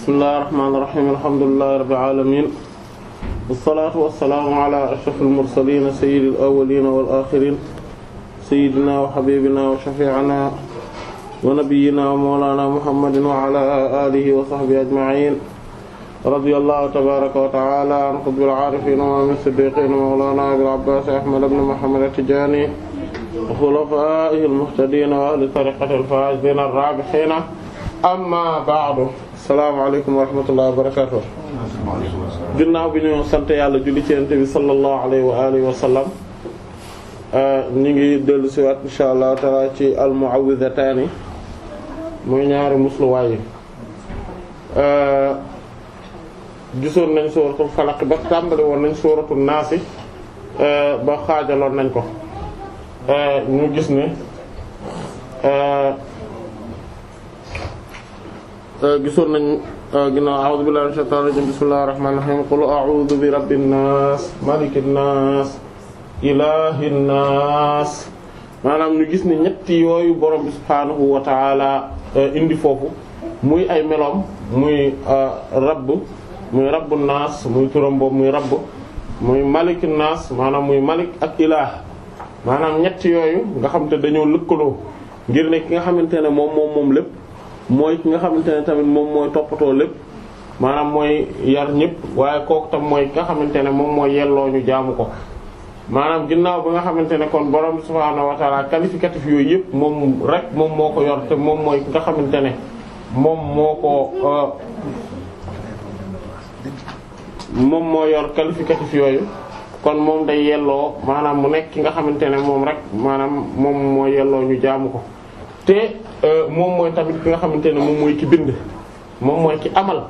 bismillahir rahmanir rahim alhamdulillahi rabbil alamin wassalatu wassalamu ala ashrafil mursalin sayyidil awwalin wal akhirin sayyidina wa habibina wa shafi'ina wa nabiyyina wa mawlana muhammadin wa ala alihi wa sahbihi ajma'in radiyallahu tabaraka wa ta'ala an qutbil arifin wa min siddiqin mawlana abil abbas ahmad ibn muhammad at-tijani wa khulafa'ihil muhtadin wa ahli tariqatil faa'izin ar-rabihin amma ba'du salaamaaleykum wa rahmatullahi wa barakatuh ginnaaw bi ñu sant yàlla julli ci yonent bi sallallahu alayhi wa alihi wa euh, ngi dellu si waat insha allah taala ci al muy ñaari musluwaay yi euh, gisoon nañ suuratul falaq ba tàmbali woon nañ suuratul naas euh, ba xaajaloon nañ ko ñu gis ne Euh, gisoon nañ euh, ginnaaw a'uuzu billahi minash shaytaanir rajiim bismillahir rahmaanir rahiim qul a'uuzu bi rabbin naas malikin naas ilaahin naas maanaam ñu gis ne ñetti yooyu borom bi subhaanahu wa ta'ala euh, indi foofu muy ay meloom muy rabb muy rabbun naas muy turam boobu muy rabb muy malikin naas maanaam muy malik ak ilaah maanaam ñetti yooyu nga xam te dañoo lëkkaloo ngir ne ki nga xamante ne moom moom moom lépp mooy ki nga xamante ne tamit moom moo toppatoo lépp maanaam mooy yar ñëpp waaye kooku tam mooy nga xamante ne moom mooy yelloo ñu jaamu ko maanaam ginnaaw ba nga xamante ne kon borom subhaanahu wa ta'ala qualificatif yooyu yëpp moom rek moom moo ko yor moom mooy ki nga xamante ne moom moo ko euh, moom moo yor qualificatif yooyu kon moom day yelloo maanaam mu nekk ki nga xamante ne moom rek maanaam moom moo yelloo ñu jaamu ko te euh, moom mooy tamit ki nga xamante ne moom mooy ci bind moom mooy ci amal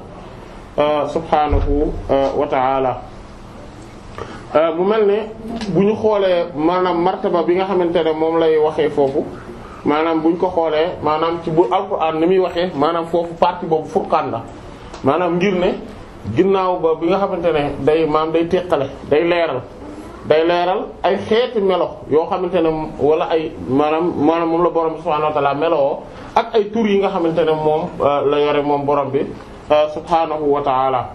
euh, subhanahu euh, wa mu mel ne bu ñu xoolee maanaam martaba bi nga xamante ne moom lay waxee foofu maanaam bu ñu ko xoolee maanaam ci bu alquran ni muy waxee maanaam foofu partie boobu furqaan la maanaam ngir ne ginnaaw ba bi nga xamante ne day maam day teqale day leeral day leeral ay xeeti melo yoo xamante ne wala ay maanaam maanaam moom la borom bi subhaanahu ak ay tur yi nga xamante ne moom euh, la yore moom borom bi euh, subhaanahu wa ta'aala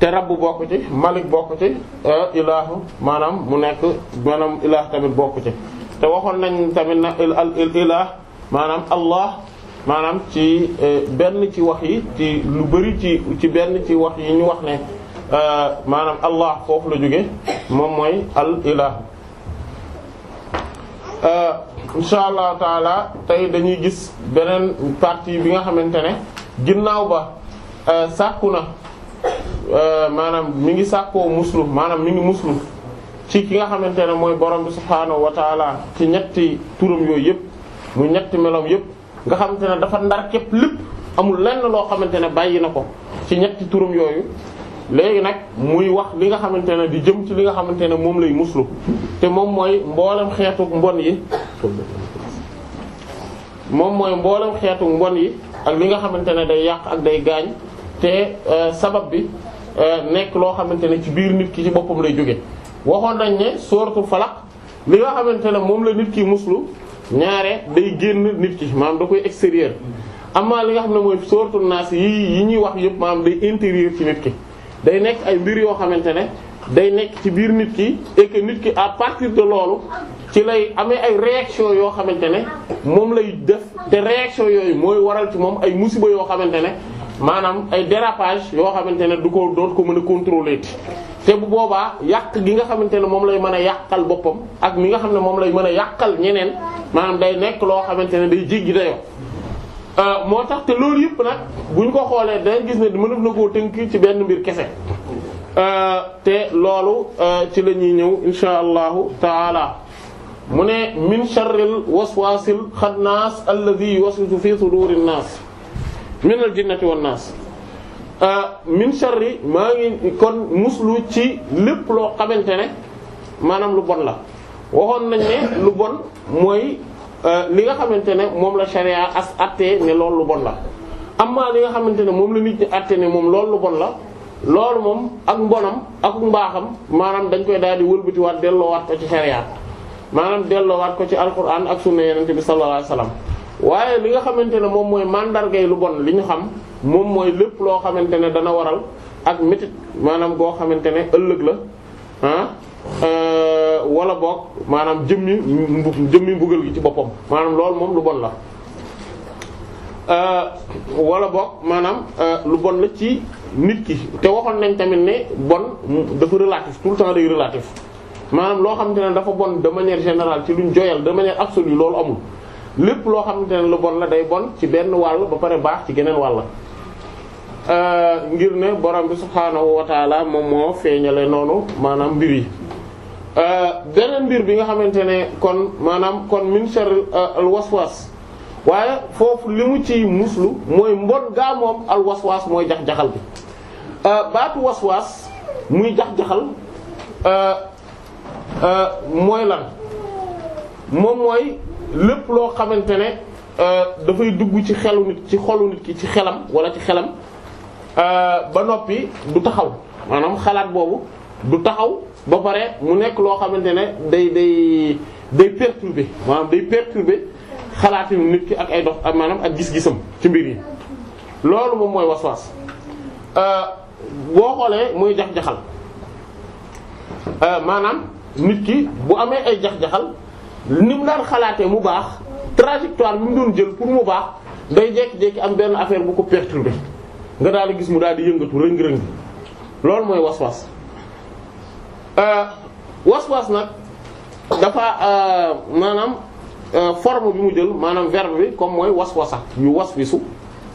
te rabbu bokk ci malik bokk ci euh, ilaahu maanaam mu nekk maanaam ilaah tamit bokk ci te waxoon nañ tamit na al ilaah maanaam allah maanaam ci benn ci wax yi ci lu bari ci ci benn ci wax yi ñu wax ne maanaam allah foofu la jóge moom mooy al ilah euh, insha allah taala tey dañuy gis beneen partie bi nga xamante ne ginnaaw ba euh, sàkku na euh, maanaam mi ngi sàkkoo muslu maanaam mi ngi muslu ci ki nga xamante ne mooy borom bi subhaanahu wa taala ci ñetti turam yooyu yëpp mu ñetti meloom yëpp nga xamante ne dafa ndar képp lépp amul lenn loo xamante ne bàyyi na ko ci ñetti turam yooyu léegi nag muy wax li nga xamante ne di jëm ci li nga xamante ne moom lay muslu te moom mooy mboolem xeetu mbon yi moom mooy mboolem xeetu mbon yi ak li nga xamante ne day yàq ak day gaañ te euh, sabab bi euh, nekk loo xamante ne ci biir nit ki ci boppam lay jóge waxoon nañ ne sóoratul falaq li nga xamante ne moom la nit ki muslu ñaare day génn nit ki maanaam da koy extérieur amaa li nga xam ne mooy sóoratul naas yi yi ñuy wax yëpp maanaam day intérieur ci nit ki day nekk ay mbir yoo xamante ne day nekk ci biir nit ki et nit ki à partir de loolu ci lay amee ay réaction yoo xamante ne moom lay def te réaction yooyu mooy waral ci moom ay musiba yoo xamante ne maanaam ay dérapage yoo xamante ne du ko doot ko mën a contrôler te bu boobaa yàq gi nga xamante ne moom lay mën a yàqal boppam ak mi nga xam ne moom lay mën a yàqal ñeneen maanaam day nekk loo xamante ne day jéggi dayoo Euh, moo tax te loolu yëpp nag bu ñu ko xoolee dañ gis ne di ma mënaf na koo tënk ci benn mbir kese euh, te loolu euh, ci la ñuy ñëw insha allahu taala mu ne min sharril waswasil xannaas alladhi yuwaswisu fi sudurin naas minal jinnati wan naas min sharri maa ngi kon muslu ci lépp loo xamante ne maanaam lu bon la waxoon nañ ne lu bon mooy Euh, li nga xamante ne moom la sharia as atte ne loolu lu bon la amma li nga xamante ne moom la nit ñi atte ne moom loolu lu bon la loolu moom ak mbonam ak mbaaxam maanaam dañ koy daal di wëlbatiwaat delloowaat ko ci sharia maanaam delloowaat ko ci alquran ak sunna yenente bi sallallahu alayhi wasallam waaye li nga xamante ne moom mooy mandargay lu bon li ñu xam moom mooy lépp loo xamante ne dana waral ak métit maanaam goo xamante ne ëllëg la ah. Euh, wala boog maanaam jëmmi jëmmi mbugal gi ci boppam maanaam lool moom lu bon la euh, wala boog maanaam euh, lu bon la ci nit ki te waxoon nañ tamit ne bon dafa relatif tout temps day relatif maanaam loo xamante ne dafa bon de manière générale ci luñ joyal de manière absolue loolu amul lépp loo xamante ne lu bon la day bon ci benn wàll ba pare baax ci geneen wàll ngir ne borom bi subhaanahu wa moom moo feeñale noonu maanaam mbir yi Euh, beneen mbir bi nga xamante ne kon maanaam kon min sharril alwaswaas euh, waaye foofu li mu ci muslu mooy mboot gaa moom alwaswaas mooy jax-jaxal euh, baatu waswaas muy jax-jaxal mooy lan moom mooy lépp loo xamante ne dafay dugg ci xelu nit ci xolu nit ki ci xelam wala ci xelam ba noppi du taxaw maanaam xalaat boobu du taxaw ba pare mu nekk loo xamante ne day day day perturber maanaam day perturber xalaatu nit ki ak ay dox ak maanaam ak gis-gisam ci mbir yi loolu moom mooy waswas euh, boo xoolee muy jax-jaxal euh, maanaam nit ki bu amee ay jax-jaxal ni mu daan xalaatee mu baax trajectoire bi mu doon jël pour mu baax day jékki-jékki am benn affaire bu ko bi nga daal di gis mu daal di yëngatu rëng-rëng loolu mooy waswas Euh, waswas nag dafa euh, maanaam euh, forme bi mu jël maanaam verbe bi comme mooy waswasa yu waswisu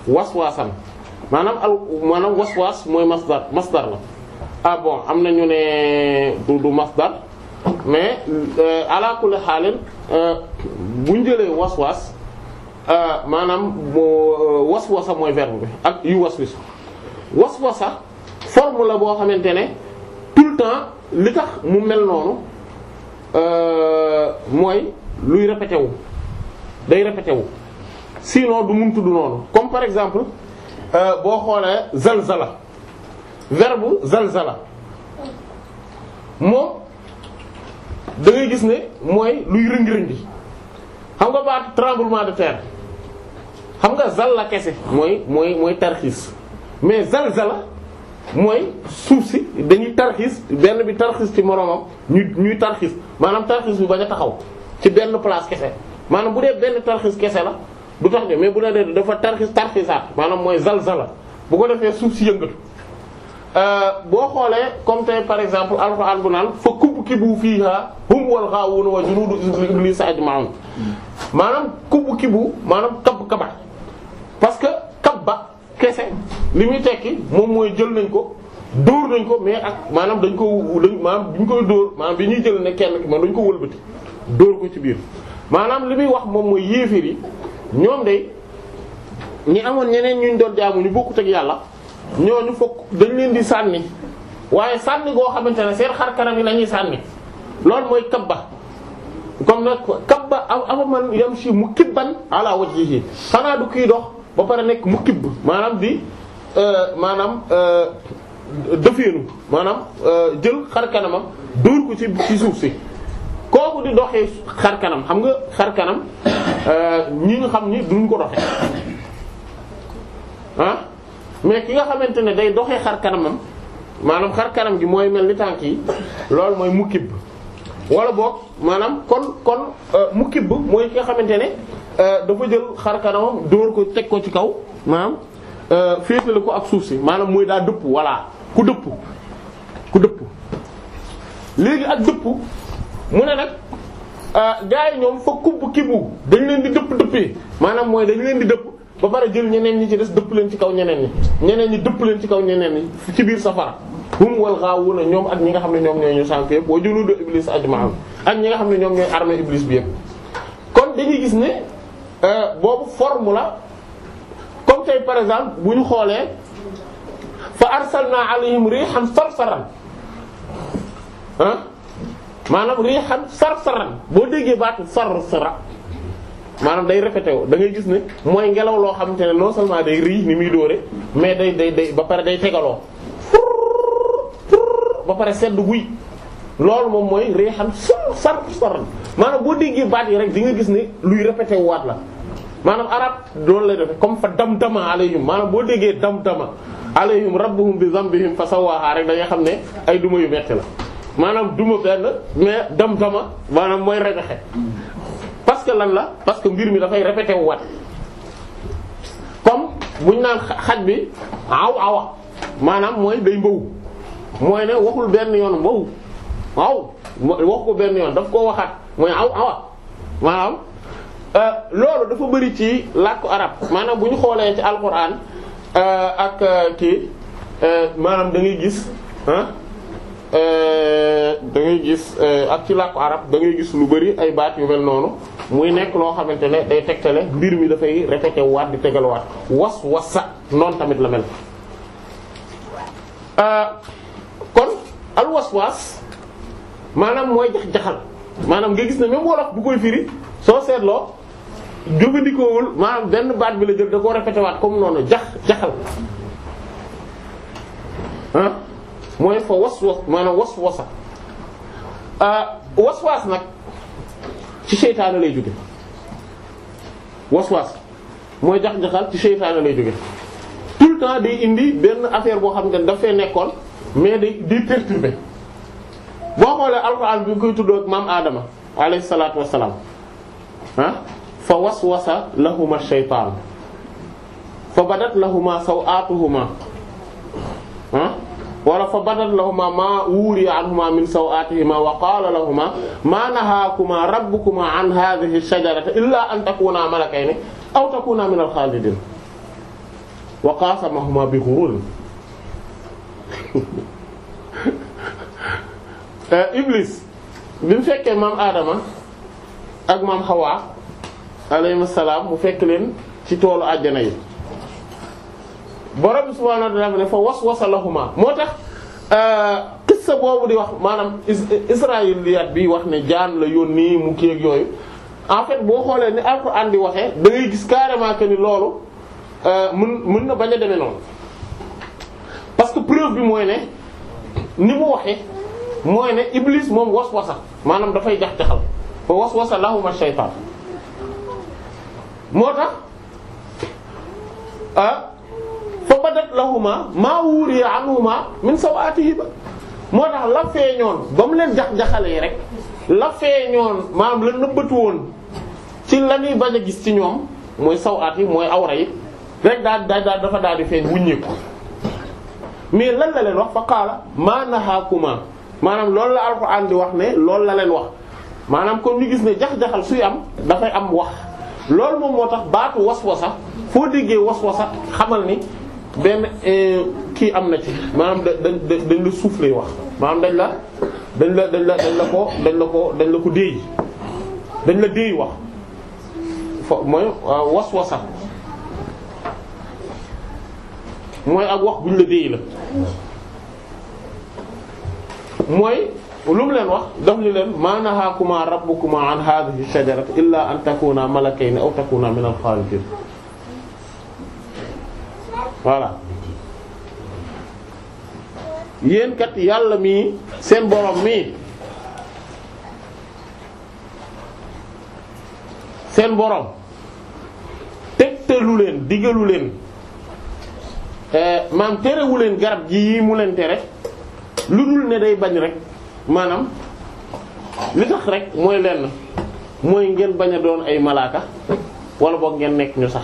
waswasan maanaam al maanaam waswas mooy masdar masdar la ah bon am na ñu ne du du masdar mais ala kulli xaalin bu ñu jëlee waswas maanaam waswasa mooy verbe bi ak yu waswisu waswasa forme la boo xamante ne tout le temps. li tax mu mel noonu euh, mooy luy répété day répété wu sinon du mun tudd noonu comme par exemple euh, boo xoolee zalzala verbe zalzala moom da ngay gis ne mooy luy rëngi-rëngi xam nga baat tremblement de terre xam nga zalla kese mooy mooy mooy tarxiis mais zalzala mooy suuf si dañuy tarxiis benn bi tarxiis ci moromam ñu ñuy tarxiis maanaam tarxiis bi bañ a taxaw ci benn place kese maanaam bu dee benn tarxiis kese la du tax de mais bu dee dee dafa tarxiis tarxiisaat maanaam mooy sala bu ko defee suuf si yëngatu euh, boo xoolee comme tey par exemple alxuraan bu naan fa kubkibu fiihaa hum wal ghaawuuna wa junuudu ibliisa ajma'iin hmm. maanaam kubkibu maanaam kab kaba parce que ba kese li muy tekki moom mooy jël nañ ko dóor nañ ko mais ak maanaam dañ ko dañ maanaam bi ñu koy dóor maanaam bi ñuy jël ne kenn ki man dañ ko wëlbati dóor ko ci biir maanaam li muy wax moom mooy yéefir yi ñoom day ñu amoon ñeneen ñuñ doon jaamu ñu bokkut ak yàlla ñu fokk dañ leen di sànni waaye sànni goo xamante ne seen xar kanam yi la ñuy sànni lool mooy kabba comme nag kabba afa man yam si mu kibban ala wajhihi xanaa du kii dox ba pare nekk mu kibb maanaam di euh, maanaam euh, dëfeenu maanaam euh, jël xar kanamam dóor ko ci ci suuf si kooku di doxee xar kanam xam nga xar kanam ñi nga xam ni duñ ko doxee ah mais ki nga xamante ne day doxee xar kanamam maanaam xar kanam gi mooy mel ni tànk yi loolu mooy mu kibb wala boog maanaam kon kon mu kibb mooy ki nga xamante ne Euh, dafa jël xar kanamam dóor ko teg ko ci kaw maanaam euh, féetale ko ak suuf si maanaam mooy daa dëpp voilà ku dëpp ku dëpp léegi ak dëpp mu ne nag euh, gars yi ñoom fa kubb kibbu dañ leen di dëpp dëppee maanaam mooy dañ leen di dëpp ba pare jël ñeneen ñi ci des dëpp leen ci kaw ñeneen ñi ñeneen ñi dëpp leen ci kaw ñeneen ñi ci biir safara hum wal ghaawuna ñoom ak ñi nga xam ne ñoom ñooy ñu sànk yëpp wa junuudu iblis ajma'un ak ñi nga xam ne ñoom ñooy armée iblis bi Euh, boobu forme la comme tey par exemple bu ñu xoolee fa arsalna alayhim rihan sarsaran ah maanaam rihan sarsaran boo déggee baatu sarsara maanaam day répété woo da ngay gis ni mooy ngelaw loo xamante ne non seulement day rii ni muy dóore mais day day day ba pare day tegaloo ba pare sedd guy loolu moom mooy reexan sar sar sar maanaam boo déggee baat yi rek di nga gis ni luy répété la maanaam arab doonu lay defe comme fa dam-dama alayhim maanaam boo déggee dam-dama alayhim rabbuhum bi zambihim fa sawaaha rek dangay xam ne ay duma yu metti la maanaam duma benn mais dam-dama maanaam mooy répété parce que lan la parce que mbir mi dafay répété waat comme buñ naan xaj bi aw maanaam mooy day mbaw mooy ne waxul benn yoon mbaw aw wax benn yoon daf koo waxaat mooy aw awa maanaam euh, loolu dafa bëri ci làkku arab maanaam bu ñu xoolee ci alquran euh, ak euh, kii maanaam dangay gis ah da ngay gis ak ci làkku arab da ngay gis lu bëri ay baat yu mel noonu muy nekk loo xamante ne day tegtale mbir mi dafay répété waat di tegalwaat was wasa noonu tamit la mel kon al waswas maanaam mooy jax jaxal maanaam nga gis ne même wolof bu koy firi soo seetloo jëfandikoowul maanaam benn baat bi la jël da koo répété waat comme noonu jax jaxal ah mooy fa was wasa ah, waswaas nag ci seytaane lay jóge waswaas mooy jax jaxal ci seytaane lay jóge tout le temps day indi benn affaire boo xam ne dafay nekkoon mais day day boo xoolee alxuraan bi koy tudd ak maam Adama alayhi salaatu wassalaam ah fa waswasa lahuma shaytaan fa badat lahuma saw'aatuhuma ah wala fa badat lahuma maa wuuriya anhuma min saw'aatihima wa qaala lahuma maa nahaakuma rabbukuma an haadhihi shajarati illaa an takuuna malakayni aw takuuna min alxaalidiin wa qaasamahuma bi ghuruur Euh, Iblis bi mu fekkee maam Adama ak maam Hawa alayhi salaam mu fekk leen ci toolu àjjana yi borom bi subhaanahu wa ta'aala ne fa waswasa lahumaa moo tax euh, qissa boobu di wax maanaam israiliyaat bi wax ne jaan la yoon yónni mu kii ak yooyu en fait boo xoolee ni Alxuraan di waxee da gis carrément que ni loolu euh, mën mën na bañ a demee noonu parce que preuve bi mooy ne ni mu waxee. mooy ne iblis moom waswasa maanaam dafay jax jaxal fa waswasa lahuma shaytaan moo tax ah, fa badat lahuma maa wuuri anhuma min sawaatihima moo tax la feeñoon ba mu leen jax-jaxalee rek la feeñoon maanaam la nëbbatu woon ci la ñuy bañ gis ci ñoom mooy sawaat yi mooy awra yi rek daal daal dafa daal di feeñ wuññeeku mais lan la leen wax fa qaala maa nahaakuma maanaam loolu la alxuraan di wax ne loolu la leen wax maanaam kon ñu gis ne jax-jaxal suy am dafay am wax lool moom moo tax baatu waswasa foo déggee waswasa xamal ni benn eh, kii am na ci maanaam da dañ dañ la suuf lay wax maanaam dañ la dañ la dañ la dañ la ko dañ la ko dañ déey dañ la déey wax fo mooy waswasa mooy ak wax buñ la déey la mooy lu mu leen wax dox li leen ma nahaakuma rabbukuma an hadhihi shajarati an takuna malakayni aw takuna min al khalidin voilà yàlla mi seen borom mii seen borom tegtalu leen digalu leen eh, maam terewu leen garab ji yi mu leen tere lu dul ne day bañ rek maanaam li tax rek mooy lenn mooy ngeen bañ a doon ay malaaka wala boog ngeen nekk ñu sax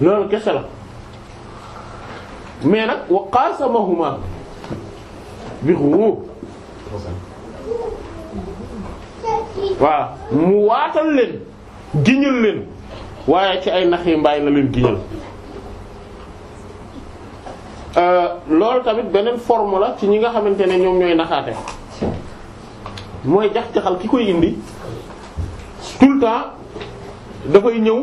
loolu kese la mais nag wa qasamahuma bi ruux waaw mu waatal leen giñal leen waaye ci ay nax yi mbaay la leen giñal Euh, loolu tamit beneen forme la ci ñi nga xamante ne ñoom ñooy naxaate mooy jax-jaxal ki koy indi tout le temps dafay ñëw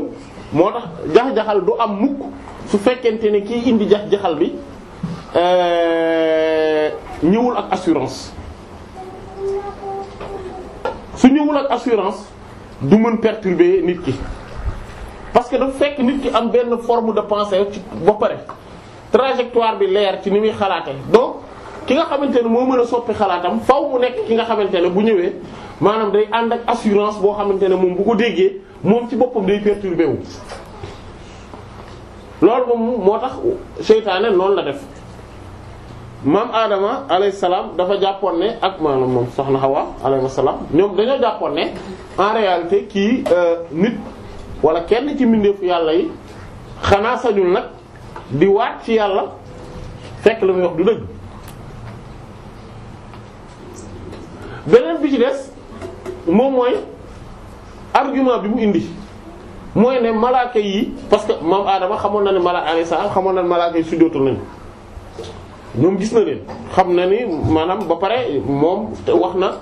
moo tax jax-jaxal du am mukk su fekkente ne kiy indi jax-jaxal bi euh, ñëwul ak assurance su ñëwul ak assurance du mën perturber nit ki parce que dafa fekk nit ki am benn forme de pensée ci ba trajectoire bi leer ci ni muy xalaate donc ki nga xamante ne moo mën a soppi xalaatam faw mu nekk ki nga xamante ne bu ñëwee maanaam day ànd ak assurance boo xamante ne moom boo ko déggee moom ci boppam day perturbé wu. loolu moom moo tax seytaane noonu la def maam Adama alayhi salaam dafa jàppoon ne ak maanaam moom soxna Hawa alayhi salaam ñoom dañoo jàppoon ne en réalité kii euh, nit wala kenn ci mbindeefu yàlla yi xanaa sañul nag. di waat ci yàlla fekk la muy wax du dëgg beneen bi ci des moom mooy argument bi mu indi mooy ne malaaka yi parce que maam Adama xamoon na ne malaaka alayhi salaam xamoon na ne malaaka yi sujjóotul nañu ñoom gis na leen xam na ni maanaam ba pare moom wax na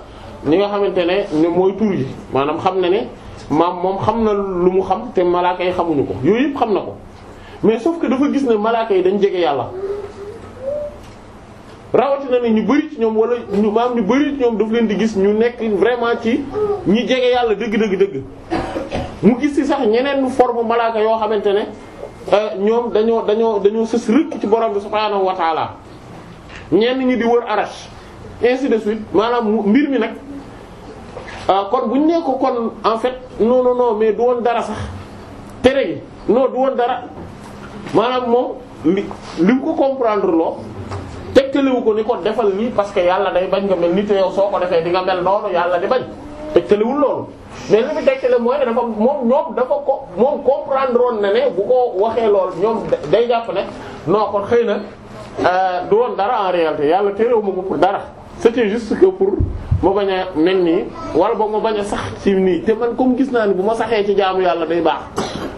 ñi nga xamante ne ne mooy yi maanaam xam na ne maam moom xam na lu mu xam te malaaka yi xamuñu ko yooyu yëpp xam na ko mais sauf que dafa gis ne malaaka yi dañ jege yàlla rawatina ne ñu bari ci ñoom wala ñu maam ñu bari ci ñoom daf leen di gis ñu nekk vraiment ci ñi jege yàlla dëgg dëgg dëgg mu gis ci sax ñeneen forme malaaka yoo xamante ne euh, ñoom dañoo dañoo dañoo sës rëkk ci borom bi subhaanahu wa taala ñenn ñi di wër arash ainsi de suite maanaam mbir mi nag euh, kon bu ñu nee ko kon en fait non non mais du woon dara sax tere gi non du woon dara maanaam moom li li mu ko comprendre loo tegtaliwu ko ni ko defal lii parce que yàlla day bañ nga mel ni te yow soo ko defee di nga mel noonu yàlla di bañ tegtaliwul loolu. mais li mu tegtale mooy ne dafa moom ñoom dafa ko moom comprendre woon na ne bu ko waxee lool ñoom day jàpp ne noo kon xëy na euh, du woon dara en réalité yàlla terewu ma ko pour dara c'était juste que pour. ma bañ a mel nii wala boog ma bañ a sax ci nii te man comme gis naa ni bu ma saxee ci jaamu yàlla day baax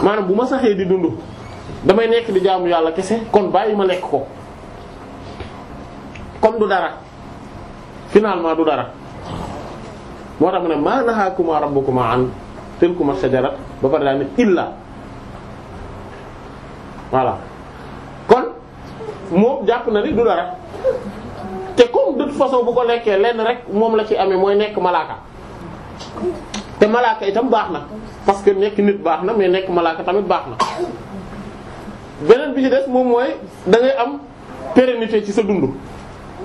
maanaam bu ma saxee di dund damay nekk di jaamu yàlla kese kon bàyyi ma nekk ko comme du dara finalement du dara moo tax mu ne maa nahaakuma rabbukuma an tilkuma shajarat ba pare daal ne illa voilà kon moom jàpp na ni du dara te comme de façon bu ko lekkee lenn rek moom la ci amee mooy nekk malaaka te malaaka itam baax na parce que nekk nit baax na mais nekk malaaka tamit baax na beneen bi ci des moom mooy da ngay am pérennité ci sa dund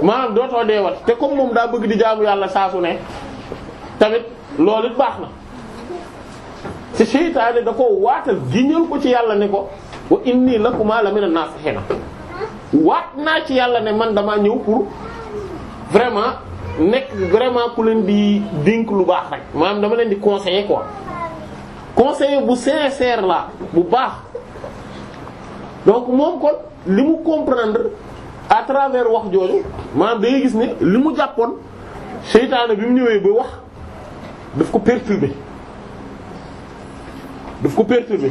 maanaam dootoo deewat te comme moom daa bëgg di jaamu yàlla saa su ne tamit loolu it baax na ci seytaane da koo waatal giñal ko ci yàlla ne ko wa inni lakuma lamina naasihiina waat naa ci yàlla ne man damaa ñëw pour vraiment nekk vraiment ku leen di dénk lu baax rek maanaam dama leen di conseiller ko conseiller bu sincère la bu baax donc moom kon li mu comprendre à travers wax jooju maanaam day gis ne li mu jàppoon seytaane bi mu ñëwee ba wax daf ko perturber daf ko perturber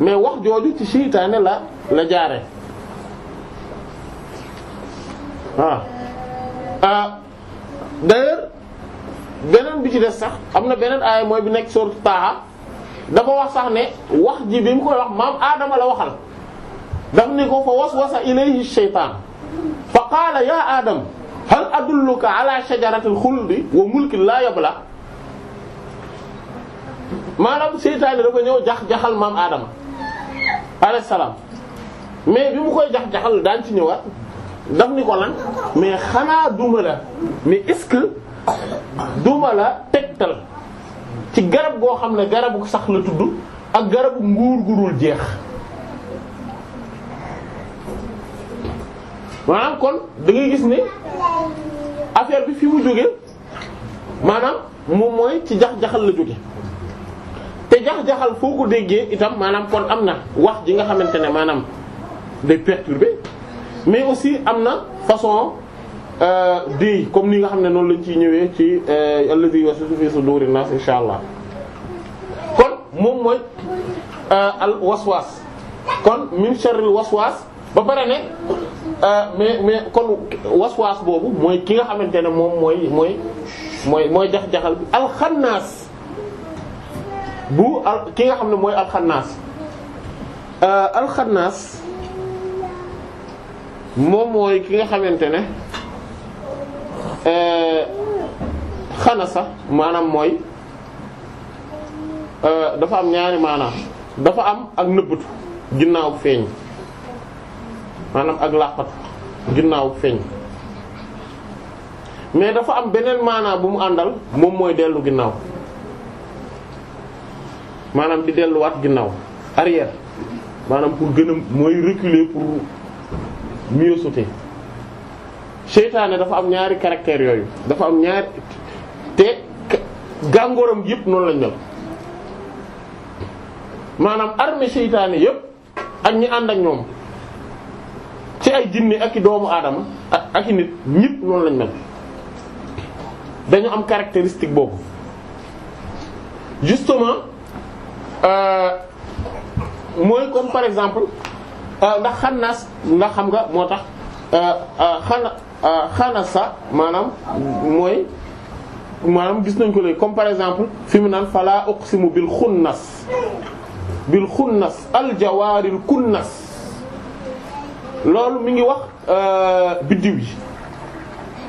mais wax jooju ci seytaane la la jaaree ah ah d'ailleurs beneen bi ci des sax am na beneen aaya mooy bi nekk sourate Taaha dafa wax sax ne wax ji bi mu koy wax maam aadama la waxal. daf ni ko fa waswasa ilayhi shaytaan fa qaala yaa aadam hal adulluka ala shajaratil xuldi wa mulkin laa yabla maanaam seytaane dafa ñëw jax jaxal maam aadama alayhi salaam mais bi mu koy jax jaxal daan ci ñëwa daf ni ko lan mais xanaa duma la mais est-ce que duma la tegtal ci garab goo xam ne garabu sax la tudd ak garabu nguur gurul jeex maanaam kon dangay ngay gis ne affaire bi fi mu jóge maanaam moom mooy ci jax-jaxal la jóge te jax-jaxal foo ko déggee itam maanaam kon am na wax ji nga xamante ne maanaam day perturber mais aussi am na façon euh, déy comme ni nga xam ne noonu lañ ciy ñëwee ci euh, alladi wasifu fi suduri nas insha allah kon moom mooy euh, al waswas kon min sharril waswas ba pare ne euh, mais mais kon waswaas boobu mooy ki nga xamante ne moom mooy mooy mooy mooy jax-jaxal bi bu al ki nga xam ne mooy alxannaas euh, alxannaas moom mooy ki nga xamante ne euh, xanasa maanaam mooy dafa am ñaari maanaam dafa am ak nëbbatu ginnaaw feeñ maanaam ak làqat ginnaaw feeñ mais dafa am beneen maanaa bu mu àndal moom mooy dellu ginnaaw maanaam di delluwaat ginnaaw arrière maanaam pour gën a mooy reculer pour mio sauter seytaane dafa am ñaari caractères yooyu dafa am ñaari te gàngooram yëpp noonu lañ mel maanaam armée seytaane yëpp ak ñi ànd ak ñoom ci ay jinne ak i doomu aadama ak ak i nit ñëpp noonu lañ mel dañu am caractéristique boobu justement euh, mooy comme par exemple euh, ndax xannaas ndax xam nga moo tax euh, euh, xana xanasa maanaam mooy maanaam gis nañ ko léegi comme par exemple fi mu naan fala uqsimu bil xunnas bil xunnas al jawaaril kunnas loolu mi ngi wax euh, biddiw yi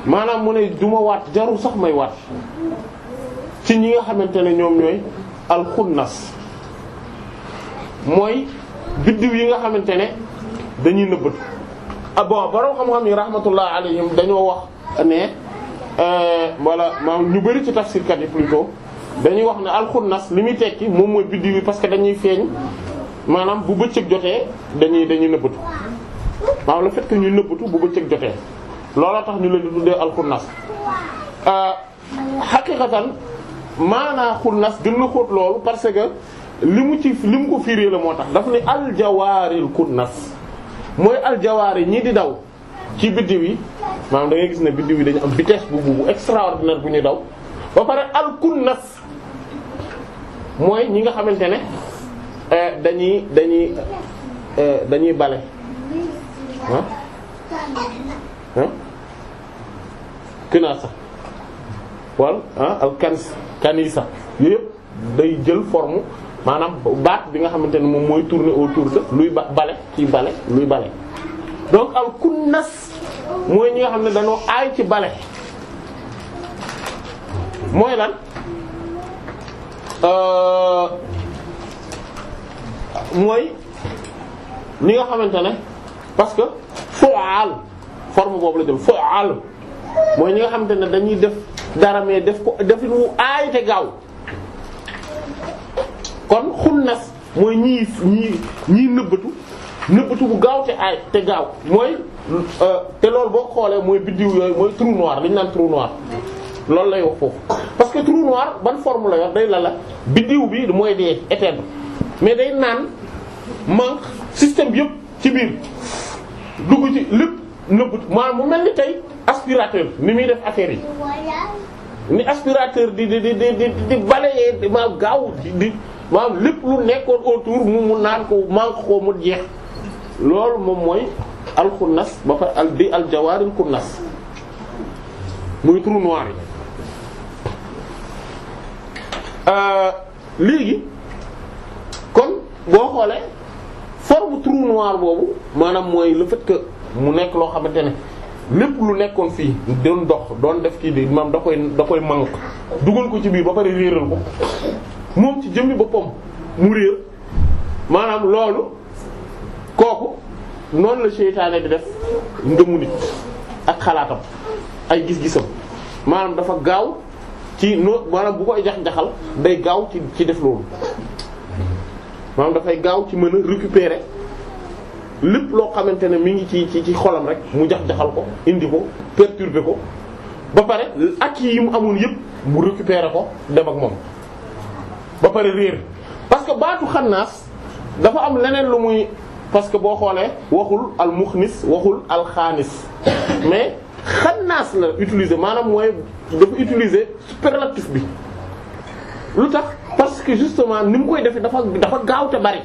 maanaam mu ne du ma waat jarul sax may waat ci ñi nga xamante ne ñoom ñooy alxunnas mooy biddiw yi nga xamante ne dañuy nëbbatu ah bon borom xam-xam yi rahmatullah alayhim dañoo wax ne wala euh, maanaam ñu bari ci tafsirkat yi plutôt dañuy wax ne alxunnas li muy tekki moom mooy biddiw yi parce que dañuy feeñ maanaam bu bëccëg joxee dañuy dañuy nëbbatu maanaam le fait que ñuy nëbbatu bu bëccëg jotee looloo tax ñu leen di tuddee alxunnas euh, xaqiqatan maanaa xunnas gën na xóot loolu parce que li mu ci li mu ko fiiree la moo tax daf ni aljawaaril kunnas mooy aljawaar yi ñii di daw ci biddiw yi maanaam da ngay gis ne biddiw yi dañu am vitesse bu bu extraordinaire bu ñuy daw ba pare al kunnas mooy ñi nga xamante ne euh, dañuy dañuy euh, dañuy bale ah kinaasa wal ah al kanisa yooyu day jël forme maanaam baat bi nga xamante ne moom mooy tourner autour de luy ba bale ci bale luy bale donc al kunnas mooy ñi nga xam ne dañoo aay ci bale mooy lan euh, mooy ñi nga xamante ne parce que fu'al forme boobu la jël fu'al mooy ñi nga xamante ne dañuy def dara mais def ko def lu aay te gaaw kon xunnas mooy ñii ñii ñii nëbbatu nëbbatu bu gaaw te aay te gaaw mooy euh, te loolu boo xoolee mooy biddiw yooyu mooy trou noir li naan trou noir loolu lay wax foofu parce que trou noir ban forme la yor day la la biddiw bi mooy dee éteindre mais day naan ma système bi yëpp ci biir dugg ci lépp nëbbut maanaam mu mel ni tey aspirateur ni muy def affaire yi ni aspirateur di di di di di balayer di maam gaaw di maam lépp lu nekkoon autour mu mu naan ko manque ko mu jeex loolu moom mooy alxunnas ba pare al di aljawaaril kunnas muy trou noir yi euh, léegi kon boo xoolee forme trou noir boobu maanaam mooy le fait que mu nekk loo xamante ne lépp lu nekkoon fii doon dox doon def kii bi maam da koy da koy manq dugal ko ci biir ba pare réeral ko moom ci jëmmi boppam mu réer maanaam loolu kooku noonu la seytaane di def ngëmu nit ak xalaatam ay gis-gisam maanaam dafa gaaw ci no maanaam bu koy jax-jaxal day gaaw ci ci def loolu maanaam dafay gaaw ci mën a récupérer lépp loo xamante ne mu ngi ci ci ci xolam rek mu jax-jaxal ko indi ko perturber ko ba pare ak yi mu amoon yëpp mu récupérer ko dem ak moom ba pare réer parce que baatu xannaas dafa am leneen lu muy parce que boo xoolee waxul al muxnis waxul al xaanis mais xannaas la utiliser maanaam mooy dafa utiliser superlatif bi lu tax parce que justement ni mu koy defee dafa dafa gaaw te bari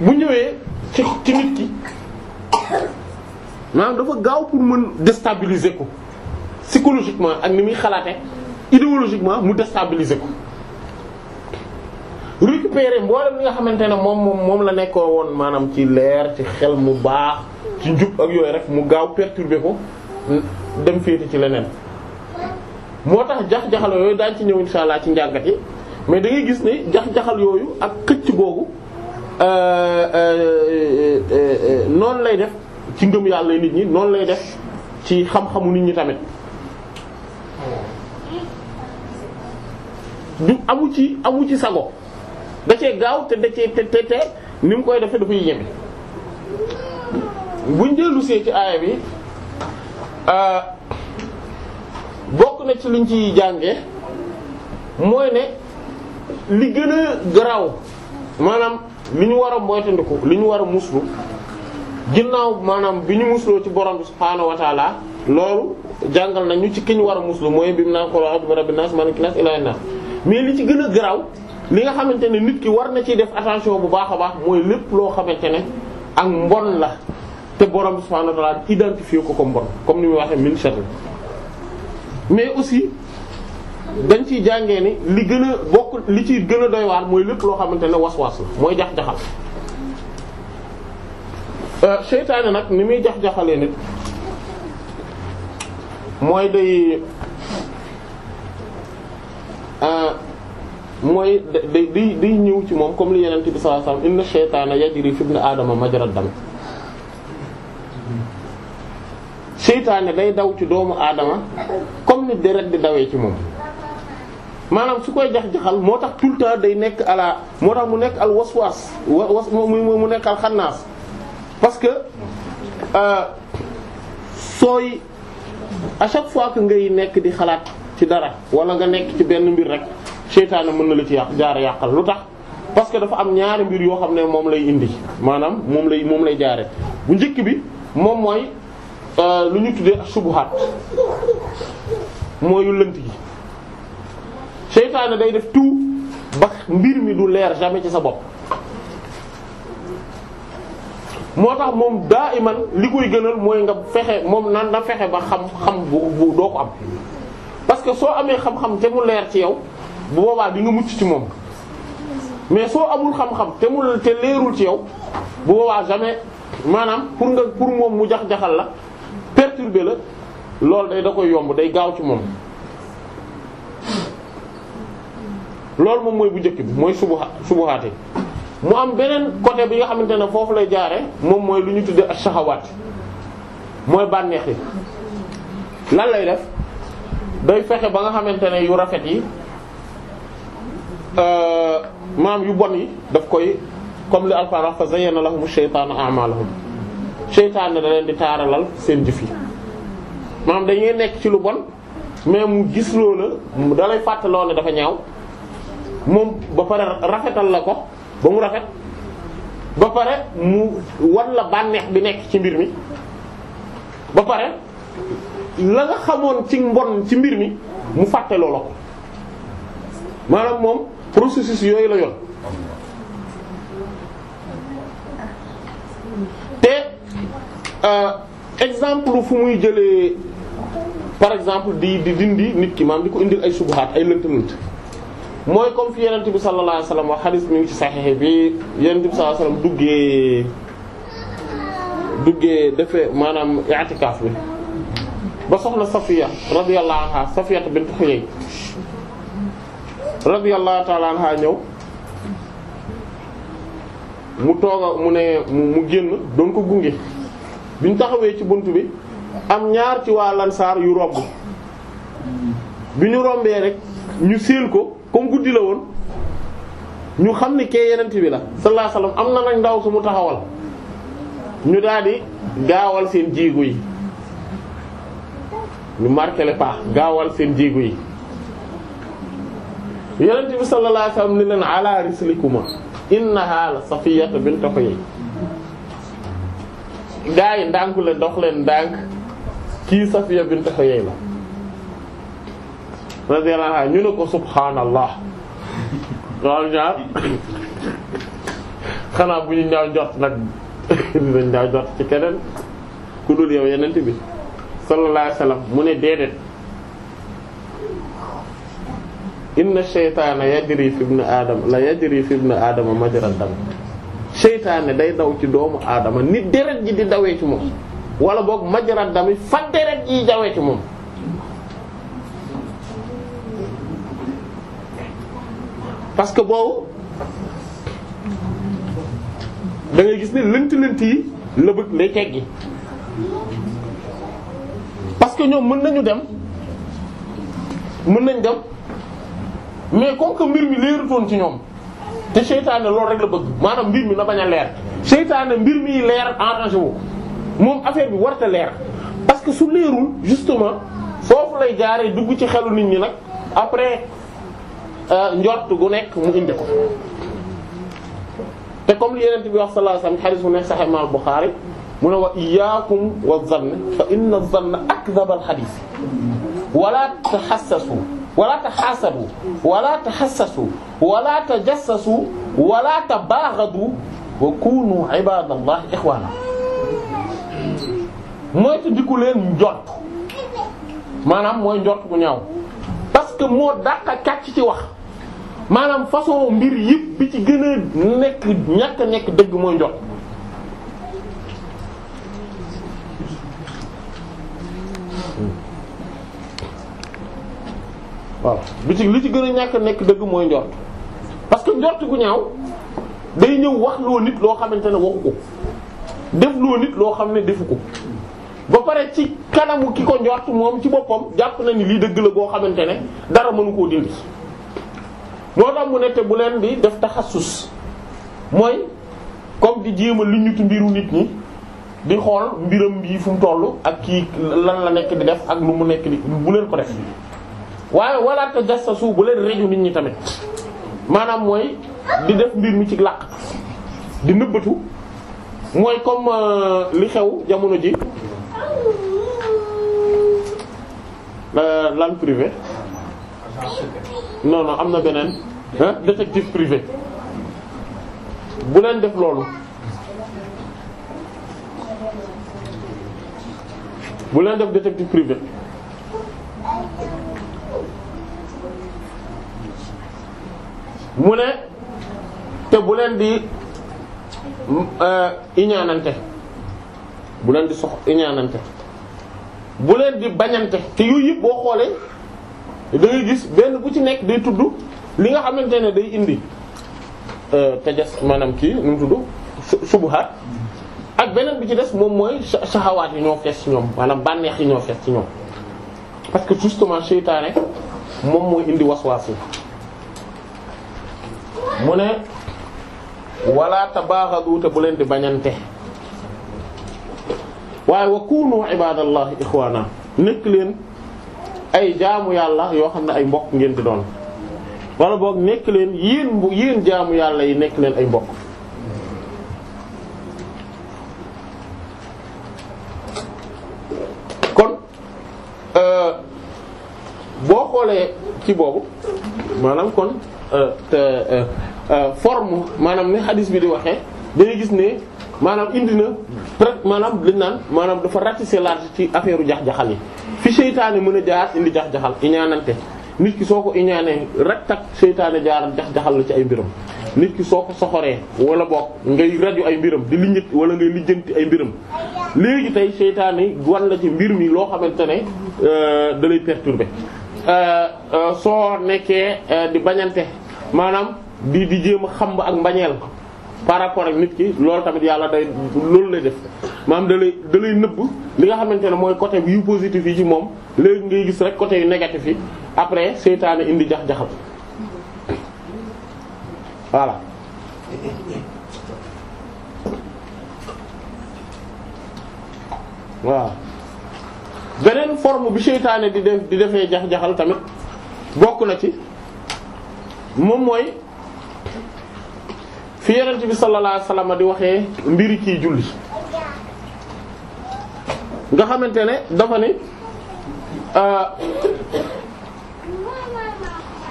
mu ñëwee ci ci nit ki maanaam dafa gaaw pour mën déstabiliser ko psychologiquement ak ni muy xalaate idéologiquement mu déstabiliser ko récupérer mboolem li nga xamante ne moom moom moom la nekkoo woon maanaam ci leer ci xel mu baax ci njub ak yooyu rek mu gaaw perturber ko dem féete ci leneen moo tax jax-jaxalo yooyu daañ ci ñëw insha Allah ci njàngat yi mais dangay gis ne jax-jaxal yooyu ak këcc googu euh, euh, euh, noonu lay def ci ngëm yàlla nit ñi noonu lay def ci xam-xamu nit ñi tamit du amu ci amu ci sago dace cee gaaw te da cee te te ni mu koy defee dafay yeme buñ dellu see ci aaya bi bokk na ci luñ ci jànge mooy ne li gën a garaaw maanaam li ñu war a moytandiku li ñu war a muslu ginnaaw maanaam bi ñu musloo ci borom bi subhaanahu wa loolu jàngal nañu ci ki ñu war a muslu mooy bi mu naan xoolal ak rabbin naas maaliki naas ilaahin naas li ci gën a garaaw li nga xamante ne nit ki war na ciy def attention bu baax a baax mooy lépp loo xamante ne ak mbon la te borom bi subhaanahu wa taala ko ko mbon comme ni muy waxee min sharri mais aussi. dañ ci jàngee ni li gën a bokk li ciy gën a doy waar mooy lépp loo xamante ne was-was la mooy jax-jaxal euh, seytaane nag ni muy jax-jaxalee nit mooy day euh, mooy day day day ñëw ci moom comme li yenente bi sallallahu alayhi wasallam inna seytaana yajri fi ibn aadama majra dam seytaane day daw ci doomu aadama comme ni deret di dawee ci moom maanaam su koy jax-jaxal moo tax tout day nekk ala moo tax mu nekk al waswaas was mu nekk al xannaas parce que euh, sooy à chaque fois que ngay nekk di xalaat ci dara wala nga nekk ci benn mbir rek seytaane mën na la ci yàq jaare yàqal lu tax parce que dafa am ñaari mbir yoo xam ne moom lay indi maanaam moom lay moom lay jaare bu njëkk bi moom mooy euh, lu ñu tuddee subuhaat mooy lënt gi seytaane day def tout ba mbir mi du leer jamais ci sa bopp moo tax moom daa iman li koy gënal mooy nga fexe moom nan na fexe ba xam-xam bu bu doo ko am parce que soo amee xam-xam te mu leer ci yow bu boobaa di mucc ci moom mais soo amul xam-xam te mu leerul ci yow bu boobaa jamais maanaam pour nga pour moom mu jax-jaxal la perturber la loolu day da ko yomb day gaaw ci moom loolu moom mooy bu njëkk bi mooy subuha subuhaat yi mu am beneen côté bi nga xamante ne foofu lay jaare moom mooy lu ñu tuddee ak saxawaat mooy bànneex yi lan lay def day fexe ba nga xamante ne yu rafet yi euh, maam yu bon yi daf koy comme li Alxuraan wax fa zayyana lahumu shaytaanu a'maalahum seytaane da daleen di taaralal seen jëf yi maam dañuy nekk ci lu bon mais mu gis loola da lay fàttaloo dafa ñaaw moom ba pare rafetal la ko ba mu rafet ba pare mu war la bànneex bi nekk ci mbir mi ba pare la nga xamoon ci mbon ci mbir mi mu fàtte loola ko maanaam moom processus yooyu la yoon te euh, exemple fu muy jëlee par exemple di di dindi nit ki maanaam di ko indi ay subuhaat ay lënt-lënt mooy comme fi yenent bi sallallahu alayhi wasallam wax ngi ci saxiix bi yenent bi sallallahu alayhi wasallam duggee duggee defee maanaam i'tikaaf bi ba soxna Safiya radiyallahu anha Safiya bint Xuyay radiyallahu ta'ala anha ñëw mu tooga mu ne mu génn doon ko gunge biñ taxawee ci bunt bi am ñaar ci waa lansaar yu romb bi ñu rombee rek ñu siil ko comme guddi la woon ñu xam ni kee yenent bi la sallallahu am na nag ndaw su mu taxawal ñu daal gaawal seen jéego yi ñu marqué paax gaawal seen jéego yi yenent bi sallallahu alayhi wasallam ni leen ala rislikuma innaha la safiyatu bint Huyay gaa yi ndànk la dox leen ndànk kii Safiya bint Huyay la radiyallahu anhu ñu ne ko subhaanallah waaw ñaar xanaa bu ñu ñaaw njort nag dinañ ñaaw njort ci keneen ku dul yow yenent bi sallallahu wasallam mu ne déedéet inna sheytaana yajri fi ibn la yajri fi ibn aadama majra dam day daw ci doomu aadama ni deret ji di dawee ci moom wala boog majra dami fa deret ji dawee ci moom parce que boobu dangay gis ne lënt lënt yi la bëgg lay teggi parce que ñoom mën nañu dem mën nañ dem mais comme que mbir mi leerutoon ci ñoom te seytaane loolu rek la bëgg maanaam mbir mi na bañ a leer seytaane mbir mi leer arrangé wu moom affaire bi warta leer parce que su leerul justement foofu lay jaaree dugg ci xelu nit ñi nag après Euh, njort gu nekk mu indi ko te comme li yeneen bi wax sallallahu alayhi wasallam xadis bu nekk Sahih Imam Bukhari mu ne wa iyyakum wa zann fa inna zanna akdhaba al-hadith wala tahassasu wala tahaasadu wala tahassasu wala tajassasu wala tabaghadu wa kunu ibadallahi ikhwana mooy te diku leen njort maanaam mooy njort bu ñaaw parce que moo dàq kàcc ci wax maanaam façon mbir yëpp bi ci gën a nekk ñàkk nekk dëgg mooy njot waaw bi li ci gën a ñàkk nekk dëgg mooy njort parce que njort gu ñaaw day ñëw wax loo nit loo xamante ne waxu ko def loo nit loo xam ne defu ko ba pare ci kanamu ki ko njort moom ci boppam jàpp na ni lii dëgg la boo xamante ne dara mënu koo dindi moo tax mu ne bu leen di def taxassus mooy comme di jéem a lu ñutu mbiru nit ñi di xool mbiram bii fu mu toll ak kii lan la nekk di def ak lu mu nekk di bu leen ko def waaye wala tajassasu bu leen reju nit ñi tamit maanaam mooy di def mbir mi ci làq di nëbbatu mooy comme euh, li xew jamono ji euh, lan privé noonu am na beneen détective privé bu leen def loolu bu leen def détective privé mu ne te bu leen di euh, iñaanante bu leen di sox iñaanante bu leen di bañante te yooyu yëpp boo xoolee da gis benn bu ci nekk day tudd li nga xamante ne day indi euh, tajas maanaam kii nu tudd subuhaat ak beneen bi ci des moom mooy saxawaat yi ñoo fees ci ñoom maanaam bànneex yi ñoo fees ci ñoom parce justement seytaane moom mooy indi waswaas yi mu ne wala tabaaxadu te bu leen di bañante waaye wa kunu ibadallahi nekk leen ay jaamu yàlla yoo xam ne ay mbokk ngeen di doon wala boog nekk leen yéen yéen jaamu yàlla yi nekk leen ay mbokk kon euh, boo xoolee ci boobu maanaam kon euh, te euh, forme maanaam ni xadis bi di waxee dañuy gis ne maanaam indi na peut maanaam li naan maanaam dafa ratisser large ci affaire jax-jaxal yi fi seytaane mën a jaar indi jax-jaxal iñaanante nit ki soo ko iñaanee rek tak seytaane jaar jax-jaxal la ci ay mbiram nit ki soo ko soxoree wala boog ngay raju ay mbiram di lijjanti wala ngay lijjanti ay mbiram léegi tey seytaane wan la ci mbir mi loo xamante ne euh, da lay perturber euh, euh, soo nekkee di bañante maanaam di di jéem a xamb ak mbañeel par rapport ak nit ki loolu tamit yàlla day loolu lay def maanaam da lay da nëbb li nga xamante ne mooy côté yu positif yi ci moom léegi ngay gis rek côté yu négatif yi après seytaane indi jax-jaxal voilà waaw beneen forme bi seytaane di def di defee jax-jaxal tamit bokk na ci moom mooy fi yonent bi sallallahu alayhi wasallam di waxee mbiri ciy julli nga xamante ne dafa ni euh,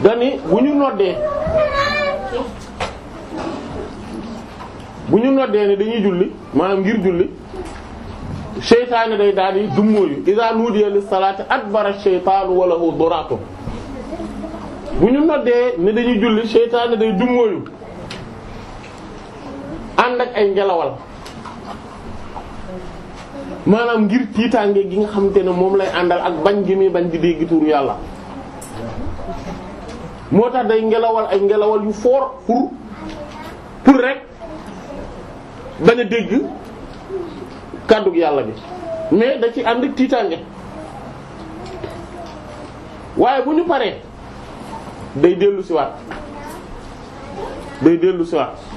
dani bu ñu noddee bu ñu noddee ne dañuy julli maanaam ngir julli seytaane day daal di dummóoyu iza nudiya lis salati adbara shaytanu wa lahu duratu bu ñu noddee ne dañuy julli seytaane day dummóoyu ànd ak ay ngelawal maanaam ngir tiitaange gi nga xamante ne moom lay àndal ak bañ gi muy bañ di dégg turu yàlla moo tax day ngelawal ay ngelawal yu fort pour pour rek bañ dégg kàddug yàlla bi mais da ci ànd ak tiitaange waaye bu ñu paree day dellu siwaat day dellu siwaat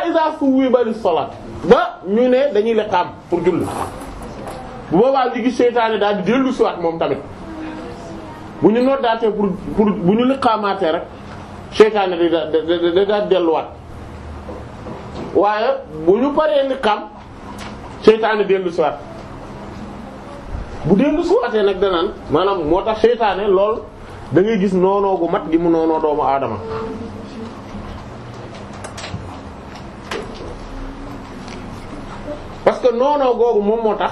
hatta iza suwiba lis salat ba ñu ne dañuy liqaam pour julli bu boobaa ligi seytaane daal di dellu siwaat moom tamit bu ñu noddaatee pour pour bu ñu liqaamaatee rek seytaane da daal delluwaat waaye bu ñu paree liqaam seytaane dellu siwaat bu dellu siwaatee nag danaan maanaam moo tax seytaane lool dangay gis noonoo gu mat gi mu noonoo doomu aadama parce que noonoo googu moom moo tax